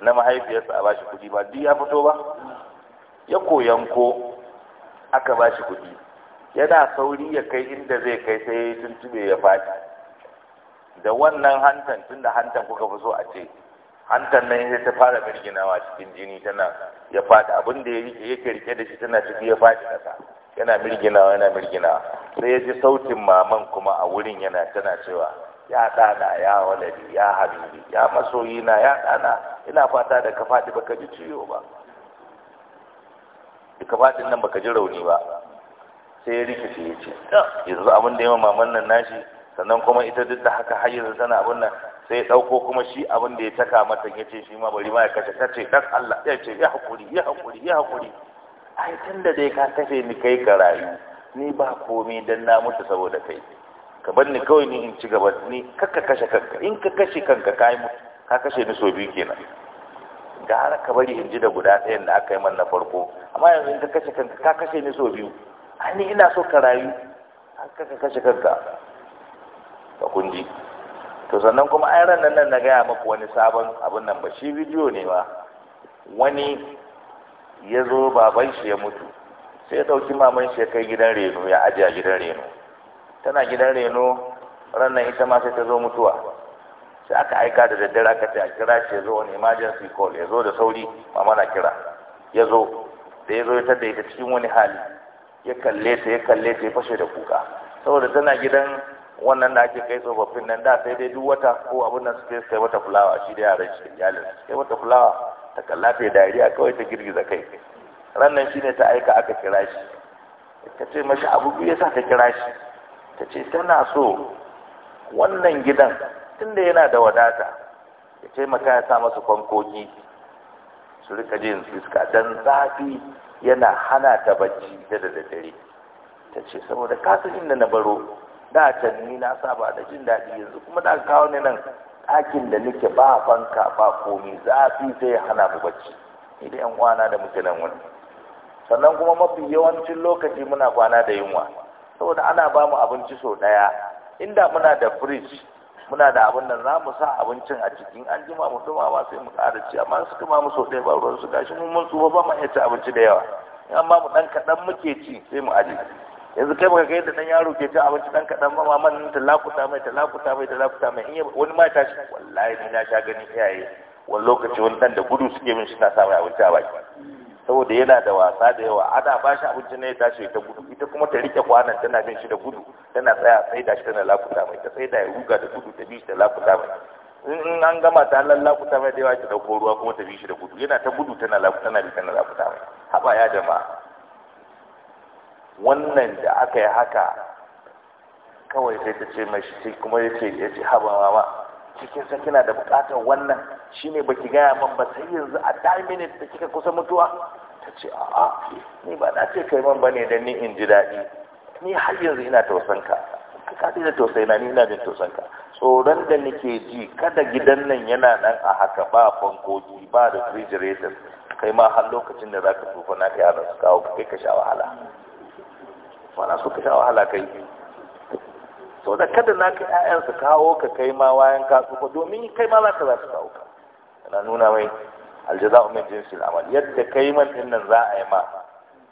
na mahaifiyarsa a bashi kuɗi ba duk ya fito ba ya ko yanko aka bashi kuɗi yana sauri ya kai inda zai kai sai ya tuntube ya faɗi da wannan hantan tun da hantan kuka fi so a ce hantan nan sai ta fara birginawa cikin jini tana ya faɗi abin da yake rike da shi tana ciki ya faɗi ƙasa yana mirginawa yana mirginawa sai ya ji sautin maman kuma a wurin yana tana cewa ya ɗana ya waladi ya habibi ya masoyina ya ɗana ina fata da ka faɗi baka ji ciwo ba duka faɗin nan baka ji rauni ba sai ya rikice ya ce yanzu abin da ya maman nan nashi sannan kuma ita duk da haka har yanzu tana abin nan sai ya ɗauko kuma shi abin da ya taka mata ya ce shi ma bari ma ya kashe ta ce ɗan Allah ya ce ya haƙuri ya haƙuri ya haƙuri ai tun da dai ka kashe ni kai ka rayu ni ba komai dan na mutu saboda kai ka bar ni kawai ni in ci gaba ni kakka kashe kanka in ka kashe kanka ka yi mutu ka kashe ni so biyu kenan gara ka bari in ji da guda ɗayan da aka yi man na farko amma yanzu in ka kashe kanka ka kashe ni so biyu ai ni ina so ka rayu har ka kashe kanka ka kunji to sannan kuma ai ran nan na gaya muku wani sabon abin nan ba shi bidiyo ne ba. wani ya zo baban shi ya mutu sai ya ɗauki maman shi ya kai gidan reno ya aje a gidan reno tana gidan reno rannan ita ma sai ta zo mutuwa sai aka aika da daddare aka ce a kira shi ya zo wani emergency call ya zo da sauri mama na kira ya zo da ya zo ya tada ita cikin wani hali ya kalle ta ya kalle ta ya fashe da kuka saboda tana gidan wannan da ake kai tsofaffin nan da sai dai duk wata ko abin nan suke kai wata fulawa shi da yaran shi iyalin kai fulawa ta kalla dariya kawai ta girgiza kai rannan shine ta aika aka kira shi ta ce mashi abu biyu yasa ta kira shi ta ce tana so wannan gidan tunda yana da wadata ya taimaka ya sa masa kwankoki su rika jin iska dan zafi yana hana ta bacci da da daddare. ta ce saboda kasan inda na baro da can ni na saba da jin daɗi yanzu kuma da kawo ni nan ɗakin da nake ba fanka ba komi zafi sai ya hana ku bacci ni da yan uwana da muke nan wani sannan kuma mafi yawancin lokaci muna kwana da yunwa saboda ana ba mu abinci sau ɗaya inda muna da firij, muna da abin da za mu sa abincin a cikin an jima mu dumama sai mu ƙara ci amma su dumama mu sau ɗaya ba ruwan su gashi mun mun tsufa ba mu iya ci abinci da yawa in ba mu ɗan kaɗan muke ci sai mu aje yanzu kai baka kai da dan yaro ke ci abinci dan kadan ma maman ta lakuta mai ta lakuta mai ta lakuta mai in wani ma ta shi wallahi ni na sha ganin iyaye wani lokaci wani dan da gudu suke min shi na sa mai abinci a baki saboda yana da wasa da yawa ana ba shi abinci ne ya tashi ta gudu ita kuma ta rike kwanan tana bin shi da gudu tana tsaya tsaye da shi tana lakuta mai ta tsaye da ya ruga da gudu ta bi shi da lakuta mai in an gama ta halal lakuta mai da yawa ta dauko ruwa kuma ta bi shi da gudu yana ta gudu tana lakuta tana bi tana lakuta mai haba ya jama'a wannan da aka yi haka kawai sai ta ce mashi sai kuma ya ce ya ce haba mama cikin sa kina da bukatar wannan shine baki gaya min ba sai yanzu a die minit da kika kusa mutuwa ta ce a'a ni ba na ce kai man bane dan ni in ji daɗi ni har yanzu ina tausan ka ka da tausai na ni ina jin tausan ka tsoron da nake ji kada gidan nan yana nan a haka ba fankoki ba da refrigerator kai ma har lokacin da zaka tufa na kai su kawo kai ka sha wahala Wana suka ka sha wahala kai so da kada na ka ƴaƴan su kawo ka kai ma wayan ka tsufa domin kai ma za ka za su kawo ka yana nuna mai aljaza'u min jinsil amal yadda kai man din nan za a yi ma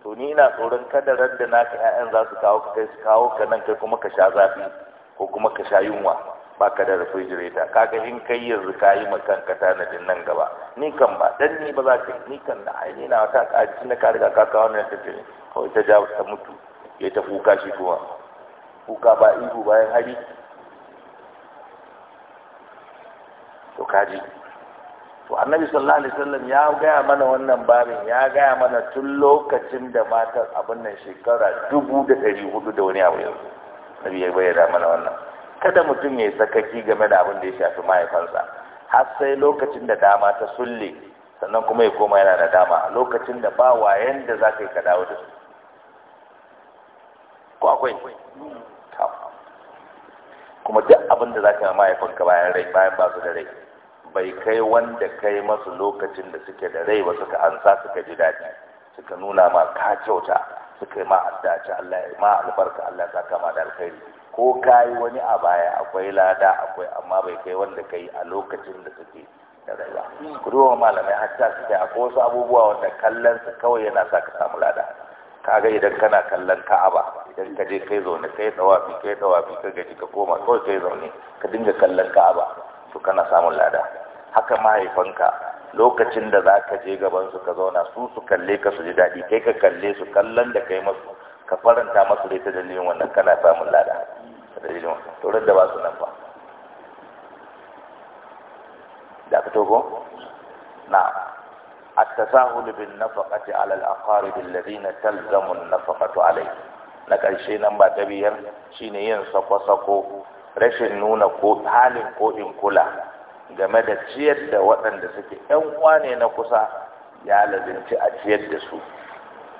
to ni ina tsoron kada radda na ka ƴaƴan za su kawo ka kai su kawo ka nan kai kuma ka sha zafi ko kuma ka sha yunwa ba ka da refrigerator kaga in kai yanzu ka yi ma kanka tanadin nan gaba ni kan ba dan ni ba za ka ni kan da aini na wata ka ci na ka riga ka kawo nan ta ce kawai ta ja ta mutu ya ta kuka shi kuma kuka ba ihu bayan hari to kaji to annabi sallallahu alaihi wasallam ya gaya mana wannan babin ya gaya mana tun lokacin da matan abin nan shekara dubu da ɗari hudu da wani abu yanzu nabi ya bayyana mana wannan kada mutum ya yi sakaki game da abin da ya shafi mahaifansa har sai lokacin da dama ta sulle sannan kuma ya koma yana da dama lokacin da ba wayan da za ka yi ka dawo da su ko akwai kuma duk abin da za ka yi mahaifinka bayan rai bayan ba su da rai bai kai wanda kai masu lokacin da suke da rai ba suka ansa suka ji daɗi suka nuna ma ka kyauta suka yi ma addaci Allah ya ma albarka Allah ya kama da alkhairi ko ka yi wani a baya akwai lada akwai amma bai kai wanda ka a lokacin da suke da rai ba ku duba malamai hatta suke akwai wasu abubuwa wanda kallon su kawai yana sa ka samu lada kaga idan kana kallon ka'aba idan ka je kai zaune kai tsawafi kai tsawafi ka gaji ka koma kawai kai zaune ka dinga kallon ka'aba to kana samun lada haka mahaifanka lokacin da za ka je gaban su ka zauna su su kalle ka su ji daɗi kai ka kalle su kallon da kai masu ka faranta masu rai ta dalilin wannan kana samun lada ta dalilin wannan to da ba su nan ba da ka togo na التساهل بالنفقة على الأقارب الذين تلزم النفقة عليه na ƙarshe nan ba ta biyar shine yin sako-sako rashin nuna ko halin ko in kula game da ciyar da waɗanda suke ‘yan uwa ne na kusa ya lazimci a ciyar da su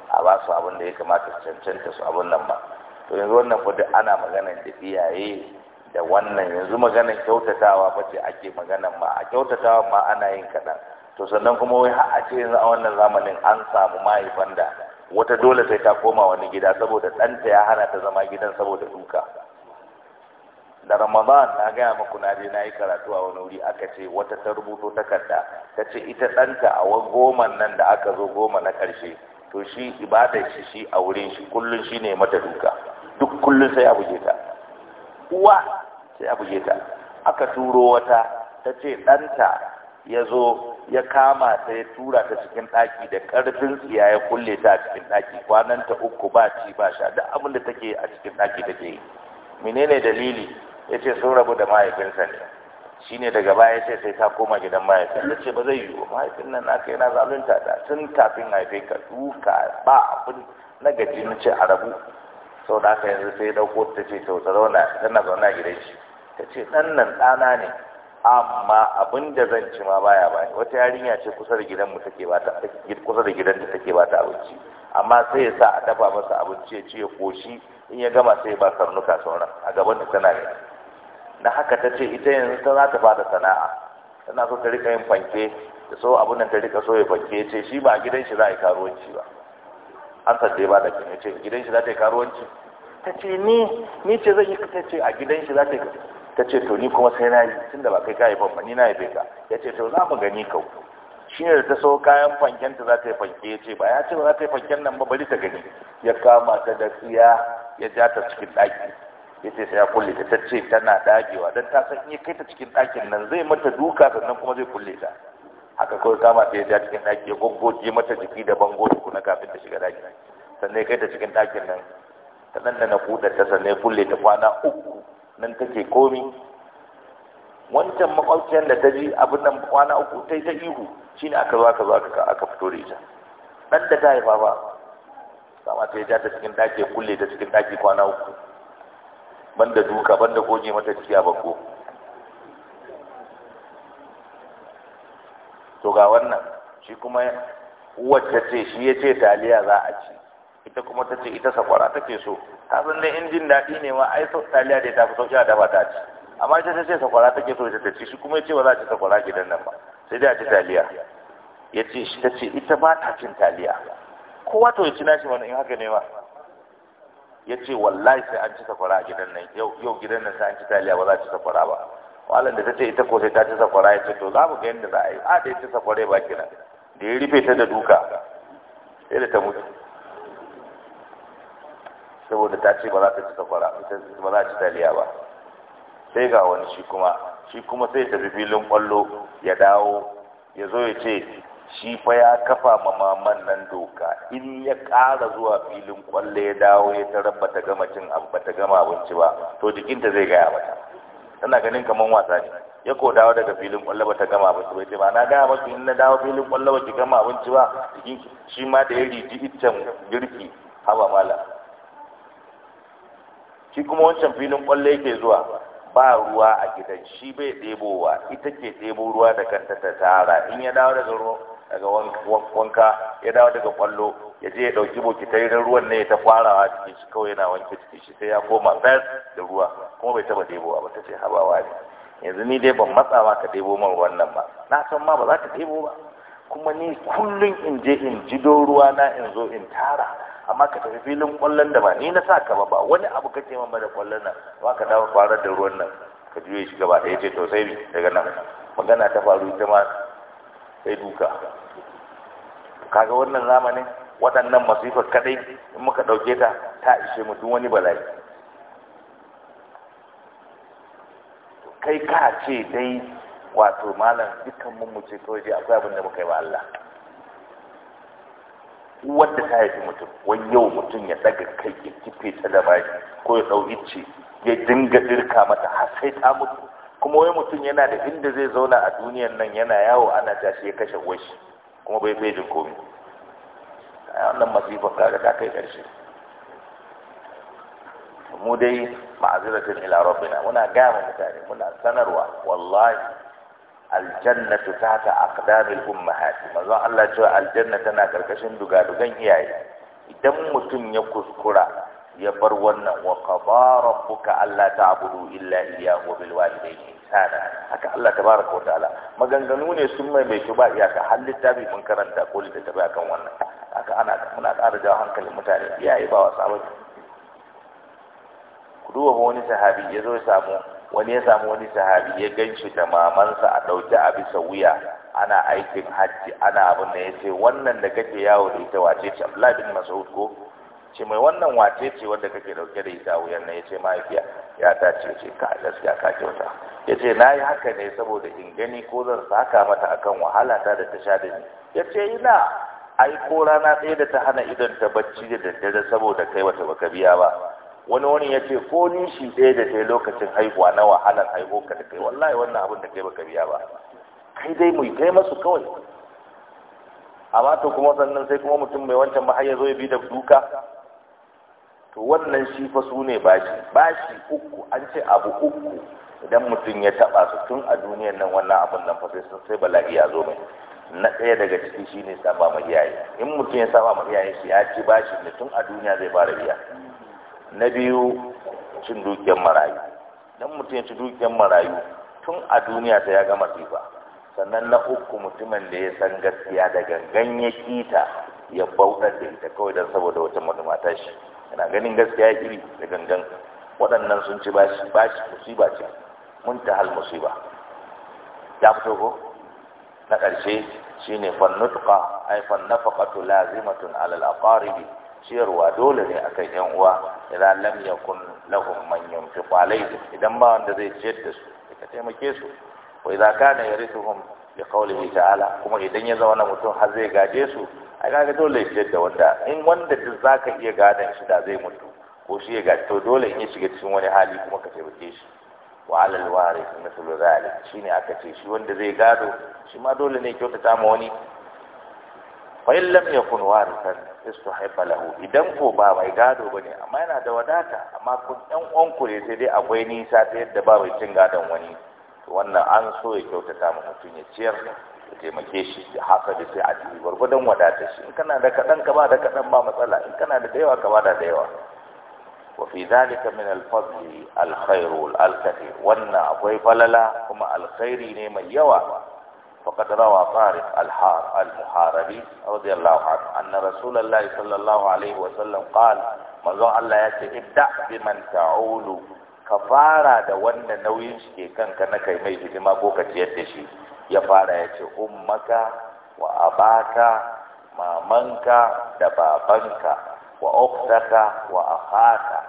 a ba su abin da ya kamata cancanta su abin nan ba to yanzu wannan fa ana maganar da iyaye da wannan yanzu maganar kyautatawa ba ce ake maganar ma a kyautatawa ma ana yin kaɗan to sannan kuma wai har a ce yanzu a wannan zamanin an samu mahaifan da wata dole sai ta koma wani gida saboda ɗanta ya hana ta zama gidan saboda duka da ramadan na gaya muku na je na yi karatu a wani wuri aka ce wata ta rubuto takarda ta ce ita ɗanta a wani goma nan da aka zo goma na ƙarshe to shi ibadar shi shi a wurin shi kullum shi ne mata duka duk kullum sai ya buge ta uwa sai ya buge ta aka turo wata ta ce ɗanta ya zo ya kama ta ya tura ta cikin ɗaki da ƙarfin tsiya ya kulle ta a cikin ɗaki kwanan ta uku ba ci ba sha duk abin da take a cikin ɗaki take yi menene dalili ya ce sun rabu da mahaifinsa ne shi ne daga baya ce sai ta koma gidan mahaifin ta ce ba zai yiwu mahaifin nan naka yana zalunta ta tun kafin haife ka duka ba abin na gaji na ce a rabu sau da aka yanzu sai ya ɗauko ta ce ta zauna tana zauna gidan shi ta ce ɗan nan ɗana ne amma abin da zan ci ma baya bani wata yarinya ce kusa da mu take ba ta kusa da gidan da take ba ta abinci amma sai ya sa a dafa masa abinci ya ci ya koshi in ya gama sai ya ba karnuka sauran a gaban da tana yi na haka ta ce ita yanzu ta za ta fara sana'a tana so ta rika yin fanke da so abin da ta rika so ya fanke ya ce shi ba gidan shi za a yi karuwanci ba an dai ba da kin ya ce gidan shi za ta yi karuwanci ta ce ni ni ce zan yi ta ce a gidan shi za ta yi karuwanci ta ce to ni kuma sai na yi tun da ba kai ka haifan ba ni na haife ka ya ce to za mu gani kau shi ne da ta so kayan ta za ta yi fanke ya ce ba ya ce ba za ta yi fanken nan ba bari ta gani ya kama ta da siya ya ja ta cikin ɗaki ya ce sai ya kulle ta ta ce tana dagewa don ta san iya kai ta cikin ɗakin nan zai mata duka sannan kuma zai kulle ta haka kawai kama ta ya ja cikin ɗaki ya goggoje mata jiki da bango kuna kafin ta shiga ɗaki sannan ya kai ta cikin ɗakin nan ta ɗanɗana kuɗa ta sannan ya kulle ta kwana uku nan take komi wancan makwabciyar da ta ji abin nan kwana uku ta yi ta ihu shi ne aka zo aka zo aka fito da ita ɗan da ta haifa ba kama ta yi ta cikin ɗaki ya kulle ta cikin ɗaki kwana uku ban da duka da goge mata ciki a bango to ga wannan shi kuma wacce ce shi ya ce taliya za a ci ita kuma ta ce ita sakwara take so ta da in jin daɗi ne ma ai sau taliya da ta fi sauki a dafa ta ci amma ita ta ce sakwara take so ta ci shi kuma ya ce ba za a ci sakwara gidan nan ba sai dai a ci taliya ya ce shi ta ce ita ba ta cin taliya kowa to ya ci nashi wani in haka ne ma ya ce wallahi sai an ci sakwara a gidan nan yau gidan nan sai an ci taliya ba za a ci sakwara ba malam da ta ce ita ko sai ta ci sakwara ya ce to za mu ga yadda za a yi a da ya ci sakwara ba kina da ya rufe ta da duka sai da ta mutu saboda ta ce ba za ta ci sakwara ita ba za ci taliya ba sai ga wani shi kuma shi kuma sai tafi filin kwallo ya dawo ya zo ya ce shi fa ya kafa ma maman nan doka in ya ƙara zuwa filin kwallo ya dawo ya tarar ta gama cin abu ta gama abinci ba to jikinta zai gaya mata tana ganin kaman wasa ne ya ko dawo daga filin kwallo ta gama abinci bai ce ba na gaya ba in na dawo filin kwallo ki gama abinci ba jikin shi ma da ya riji iccen girki haba mala shi kuma wancan filin kwallo yake zuwa ba ruwa a gidan shi bai ɗebowa ita ke ɗebo ruwa da kanta ta tara in ya dawo daga daga wanka ya dawo daga kwallo ya je ya ɗauki bokitai ran ruwan ne ta kwarawa cikin shi kawai yana wanke ciki, shi sai ya koma fes da ruwa kuma bai taɓa ɗebowa ba ta ce habawa ne yanzu ni dai ban matsawa ka ɗebo man ruwan nan ba na san ma ba za ta ɗebo ba kuma ni kullum in je in ji ruwa na in zo in tara amma ka tafi filin kwallon da ba ni na sa ka ba ba wani abu ka ce ba da kwallon nan ba ka dawo kwarar da ruwan nan ka juye shi gaba ɗaya ce to sai daga nan magana ta faru ita ma sai duka kaga wannan zamanin waɗannan masifar kadai in muka ɗauke ta ta ishe mutum wani bala'i kai ka ce dai wato malam dukkan mun muce kawai dai akwai abin da muka yi wa Allah wanda ta haifi mutum wani yau mutum ya daga kai ya kife ta da bai ko ya dau icce ya dinga dirka mata har sai ta mutu kuma wai mutum yana da inda zai zauna a duniyan nan yana yawo ana tashi ya kashe washi kuma bai bai jin komai a wannan masifa kaga ta kai ƙarshe mu dai ma'azirar ila rabbina muna gama mutane muna sanarwa wallahi aljannatu tahta aqdamil ummahat manzon Allah cewa aljanna tana karkashin dugadugan iyaye idan mutum ya kuskura ya bar wannan wa qada rabbuka alla ta'budu illa iyyahu bil walidayni ihsana haka Allah tabaraka wa ta'ala maganganu ne sun mai mai ba iyaka halitta littafi mun karanta ko littafi akan wannan haka ana muna ƙara jawo hankalin mutane iyaye ba wasa ba ku duba wani sahabi ya zo ya samu wani ya samu wani sahabi ya ganshi da mamansa a ɗauke a bisa wuya ana aikin hajji ana abin da ya ce wannan da kake yawo da ita wace ce Abdullahi bin Mas'ud ko ce mai wannan wace ce wanda kake ɗauke da ita wuyan nan ya ce mahaifiya ya ta ce ce ka gaskiya ka kyauta ya ce na yi haka ne saboda in gani ko zan saka mata akan wahala ta da ta sha da ni ya ce ina ai ko rana ɗaya da ta hana idon ta bacci da daddare saboda kai wata baka biya ba wani wani ya ce ko nishi ɗaya da ta lokacin haihuwa na wahalar haihuwa ka da kai wallahi wannan abin da kai baka biya ba kai dai mu kai masu kawai amma to kuma sannan sai kuma mutum mai wancan ba zo ya bi da duka to wannan shi fa su ne bashi bashi uku an ce abu uku idan mutum ya taba su tun a duniyar nan wannan abin nan fa sai sai bala'i ya zo mai na ɗaya daga ciki shine saba ma iyaye in mutum ya saba ma iyaye shi ya ci bashi ne tun a duniya zai fara biya na biyu cin dukiyar marayu don mutum ya ci dukiyar marayu tun a duniya ta ya gama riba sannan na uku mutumin da ya san gaskiya da gangan ya kita ya bautar da ita kawai don saboda wata mata shi yana ganin gaskiya ya iri da gangan waɗannan sun ci bashi bashi musiba ce mun ta hal musiba ya fito ko na ƙarshe shine fannutuka ai fannafaqatu lazimatun alal aqaribi ciyarwa dole ne a kan yan uwa idan lam yakun lahum man yunfiqu idan ba wanda zai ciyar da su ka taimake su wa idza kana yarithuhum bi qawlihi ta'ala kuma idan ya zama mutum har zai gaje su ai kaga dole ya ciyar da wanda in wanda duk zaka iya gadan shi da zai mutu ko shi ya gaje to dole in ya shiga cikin wani hali kuma ka taimake shi wa alal warith mithlu dhalik shine aka ce shi wanda zai gado shi ma dole ne kyautata ma wani fa in lam yakun warisan istuhibba lahu idan ko ba mai gado ba ne, amma yana da wadata amma kun ɗan uwan ku ne sai dai akwai nisa ta yadda ba mai cin gadon wani to wannan an so ya kyautata ma mutum ya ciyar ya taimake shi da haka da sai a cikin gwargwadon wadata shi in kana da kaɗan ka ba da kaɗan ba matsala in kana da yawa ka ba da yawa wa fi zalika min al alkhairu al wannan akwai falala kuma alkhairi ne mai yawa فقد روى طارق الحار المحاربي رضي الله عنه أن رسول الله صلى الله عليه وسلم قال manzon Allah ya ce ibda bi man ta'ulu ka fara da wanda nauyin shi ke kanka na kai mai hidima ko ka da shi ya fara ya ce ummaka wa abaka mamanka da babanka wa uktaka wa akhaka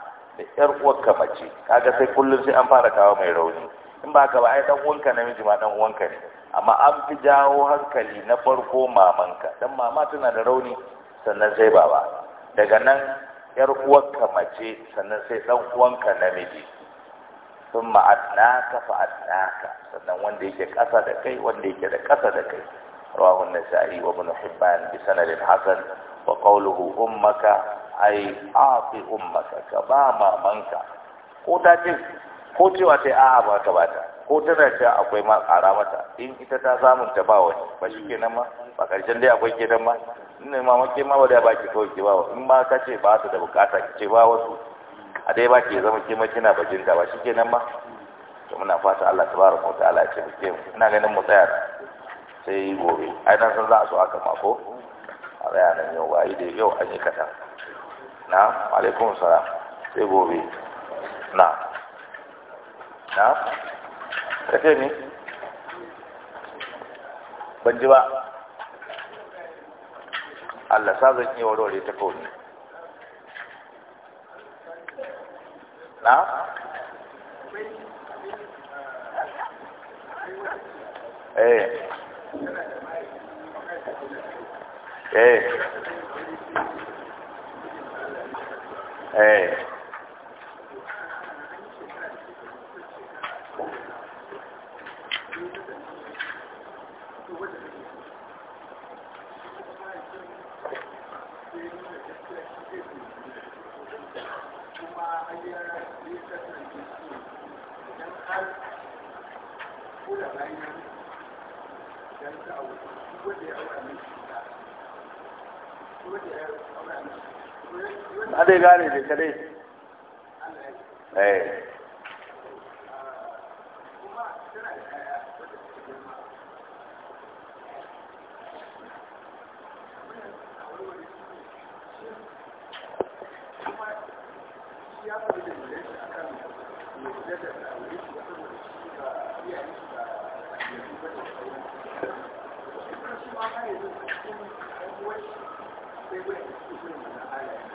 da yar uwarka mace kaga sai kullum sai an fara kawo mai rauni in ba ka ba ai dan uwanka namiji ma dan uwanka ne amma an fi jawo hankali na farko mamanka dan mama tana da rauni sannan sai baba daga nan yar uwanka mace sannan sai dan uwanka namiji sun ma'adnaka fa'adnaka sannan wanda yake ƙasa da kai wanda yake da ƙasa da kai rawahun nasa'i wa ibn hibban bi sanadin hasan wa qawluhu ummaka ai a'ti ummaka ka ba mamanka ko ta ce ko cewa ta a'a ba ka ta ko tana cewa akwai ma ƙara mata in ita ta samun ta ba wani ba shi kenan ma ba ƙarshen dai akwai kenan ma in ne mamake ma ba da ba ki kawai ki ba in ma ka ce ba ta da bukata ki ce ba wasu a dai ba ki zama kima ma kina bajinta ba shi kenan ma to muna fata Allah ta baraka wa Allah ya ce mu ina ganin mu tsaya sai gobe ai dan san za a so aka mako a tsaya nan yau ba da yau an yi kaɗan na alaikum salam sai gobe na na kace ni ban ba Allah sa zan iya warware ta kawai na eh eh eh adai gane ne kadai eh Thank you.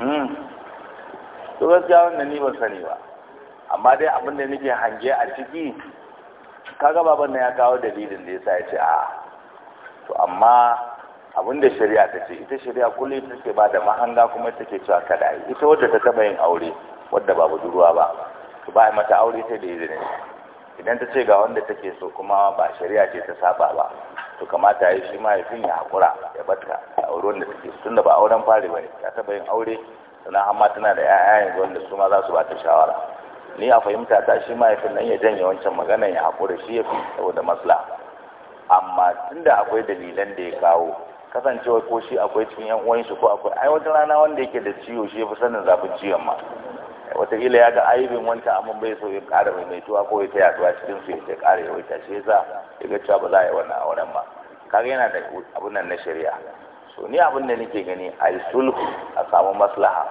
Hmm. to gaskiya wannan ni ban sani ba amma dai abin da nake hange a ciki kaga baban nan ya kawo dalilin da yasa ya ce a to amma abin da shari'a ta ce ita shari'a kullum ita take ba da mahanga kuma ita take cewa kada yi ita wadda ta taba yin aure wadda ba budurwa ba to ba mata aure sai da izinin idan ta ce ga wanda take so kuma ba shari'a ce ta saba ba to kamata ya yi shi mahaifin ya haƙura ya batta a auren da take tun da ba auren fari ba ne ya taɓa yin aure sannan amma tana da 'ya'ya yanzu wanda su ma za su ba ta shawara ni a fahimta ta shi mahaifin nan ya janye wancan magana ya haƙura shi ya fi saboda masla amma tunda akwai dalilan da ya kawo kasancewa ko shi akwai cikin yan uwan ko akwai ai wata rana wanda yake da ciwo shi ya fi sanin zafin ciwon ma wataƙila ya ga aibin wancan amma bai so ya ƙara maimaituwa ko ya ta tuwa cikin su ya ƙara ya waita shi yasa ya ga cewa ba za a yi wannan auren ba kaga yana da abun nan na shari'a so ni abin da nake gani a yi sulhu a samu maslaha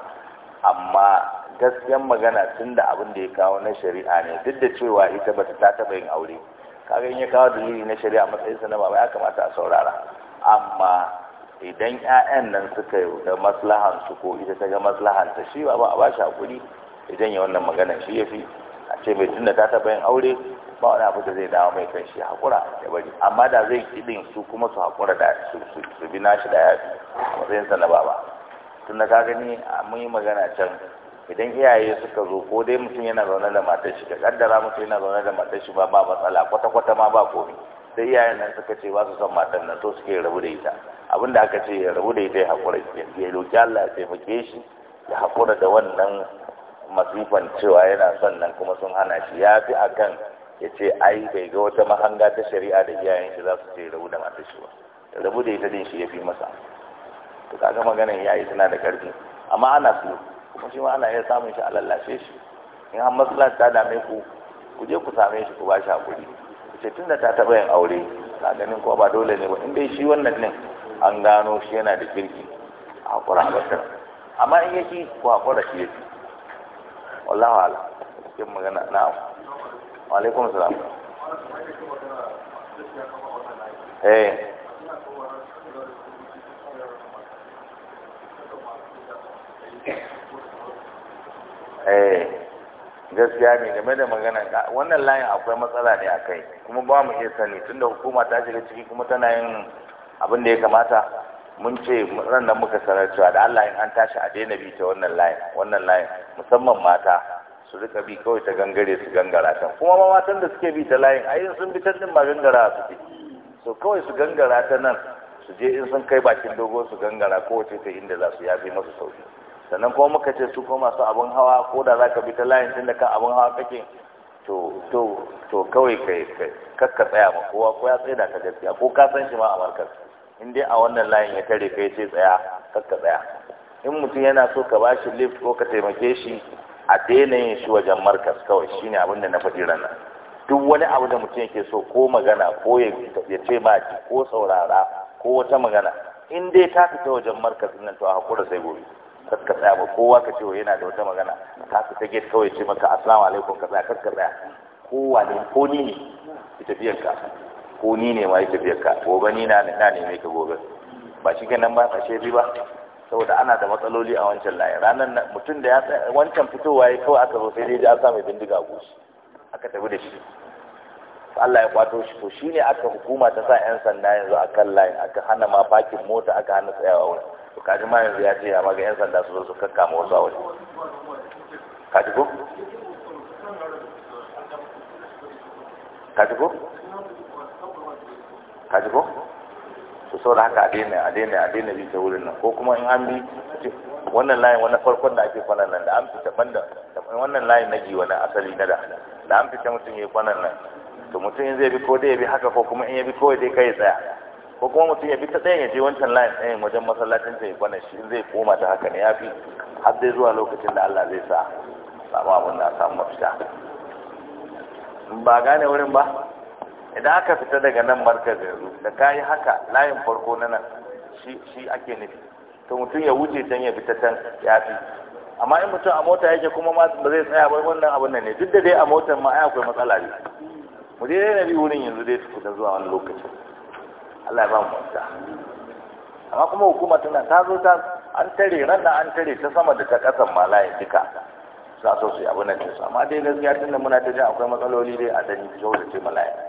amma gaskiyan magana tun da abin da ya kawo na shari'a ne duk da cewa ita bata ta taɓa yin aure kaga in ya kawo dalili na shari'a matsayinsa na baba ya kamata a saurara amma idan 'ya'yan nan suka yi da su ko ita ta ga ta, shi ba ba a ba shi hakuri ya janye wannan magana shi ya fi a ce mai tunda ta taɓa yin aure ba wani abu da zai dawo mai kan shi haƙura ya bari amma da zai kiɗin su kuma su haƙura da su bi nashi da ya fi matsayin sa na baba tunda ka gani mun yi magana can idan iyaye suka zo ko dai mutum yana zaune da matar shi ka kaddara mutum yana zaune da matar shi ba ba matsala kwata-kwata ma ba komai sai iyayen nan suka ce ba su son matan nan to suke rabu da ita abin da aka ce ya rabu da ita ya haƙura ya roki Allah ya taimake shi ya haƙura da wannan masifan cewa yana son nan kuma sun hana shi ya fi a kan ya ce ai bai ga wata mahanga ta shari'a da iyayen shi za su ce rabu da masu shi ba rabu da ita din shi ya fi masa to kaga maganan yayi suna da karfi amma ana so kuma shi ma ana iya samun shi a lallashe shi in har matsalar ta dame ku ku je ku same shi ku ba shi hakuri ku ce da ta taɓa yin aure na ganin kuma ba dole ne ba in dai shi wannan ne an gano shi yana da kirki a hakura a amma in yake ku hakura shi yake wallahu ala cikin magana na na'am wa alaikum salam eh eh gaskiya ne game da magana. wannan layin akwai matsala ne a kai kuma ba mu iya sani tunda hukuma ta shiga ciki kuma tana yin abin da ya kamata mun ce ran nan muka sanar cewa da Allah in an tashi a daina bi ta wannan layin wannan layin musamman mata su rika bi kawai ta gangare su gangara ta. kuma ma matan da suke bi ta layin a yin sun bi ta din ba gangara su ke so kawai su gangara ta nan su je in sun kai bakin dogo su gangara kowace ta inda za su yafi masu sauki sannan kuma muka ce su kuma masu abin hawa ko da za ka bi ta layin tun da kan abin hawa kake to to to kawai kai kakka tsaya ma kowa ko ya tsaya da ka gaskiya ko ka san shi ma a markar in dai a wannan layin ya tare kai sai tsaya kakka tsaya in mutum yana so ka ba shi lift ko ka taimake shi a daina yin shi wajen markas kawai shine abin da na faɗi ranar duk wani abu da mutum yake so ko magana ko ya ce ba ko saurara ko wata magana in dai ta fita wajen markas nan to a hakura sai gobe Kakka tsaya ba kowa ka ce yana da wata magana ka fita gate kawai ce maka assalamu alaikum ka tsaya kakka tsaya kowa ne ko ni ne ita biyan ka ko ni ne ma yi tafiyar ka gobe ni na mai ka gobe ba shi kenan ba ba shi ba saboda ana da matsaloli a wancan layin ranar mutum da ya wancan fitowa ya kawai aka zo sai ya samu bindiga a goshi aka tafi da shi Allah ya kwato shi to shi ne aka hukuma ta sa 'yan sanda yanzu a kan layin aka hana ma fakin mota aka hana tsayawa wurin to kaji ma yanzu ya ce ya maga 'yan sanda su zo su kakkama wasu a kaji kaji ko Kaji ko su saboda haka a daina a daina a daina bi ta wurin nan ko kuma in an bi wannan layin wani farkon da ake kwanan nan da an fita da wannan layin na giwa na asali na da da an fita mutum ya yi kwanan nan to mutum in zai bi ko dai ya bi haka ko kuma in ya bi kawai dai kai tsaya ko kuma mutum ya bi ta ɗayan ya je wancan layin ɗayan wajen masallacin ta ya kwanan shi in zai koma ta haka ne ya fi har zai zuwa lokacin da Allah zai sa samu abin da samu mafita ba gane wurin ba idan aka fita daga nan markaz yanzu da ka yi haka layin farko na nan shi ake nufi to mutum ya wuce can ya fita can ya fi amma in mutum a mota yake kuma ma ba zai tsaya ba wannan abin nan ne duk da dai a motar ma ai akwai matsala ne mu dai dai nabi wurin yanzu dai su da zuwa wani lokaci Allah ya ba mu mafita amma kuma hukuma tana ta zo ta an tare ran da an tare ta sama da ta kasan ma layin duka za so su yi abin nan amma dai gaskiya tunda muna ta ji akwai matsaloli dai a dani kyau da ce malayin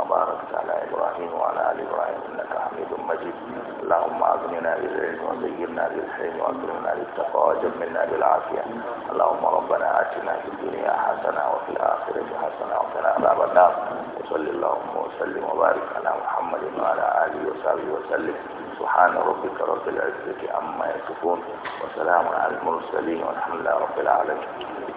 وبارك على إبراهيم وعلى آل إبراهيم إنك حميد مجيد اللهم أغننا بالعلم وزينا بالحلم وأكرمنا بالتقوى وجملنا بالعافية اللهم ربنا آتنا في الدنيا حسنة وفي الآخرة حسنة وقنا عذاب النار وصل اللهم وسلم وبارك على محمد وعلى آله وصحبه وسلم سبحان ربك رب العزة عما يصفون وسلام على المرسلين والحمد لله رب العالمين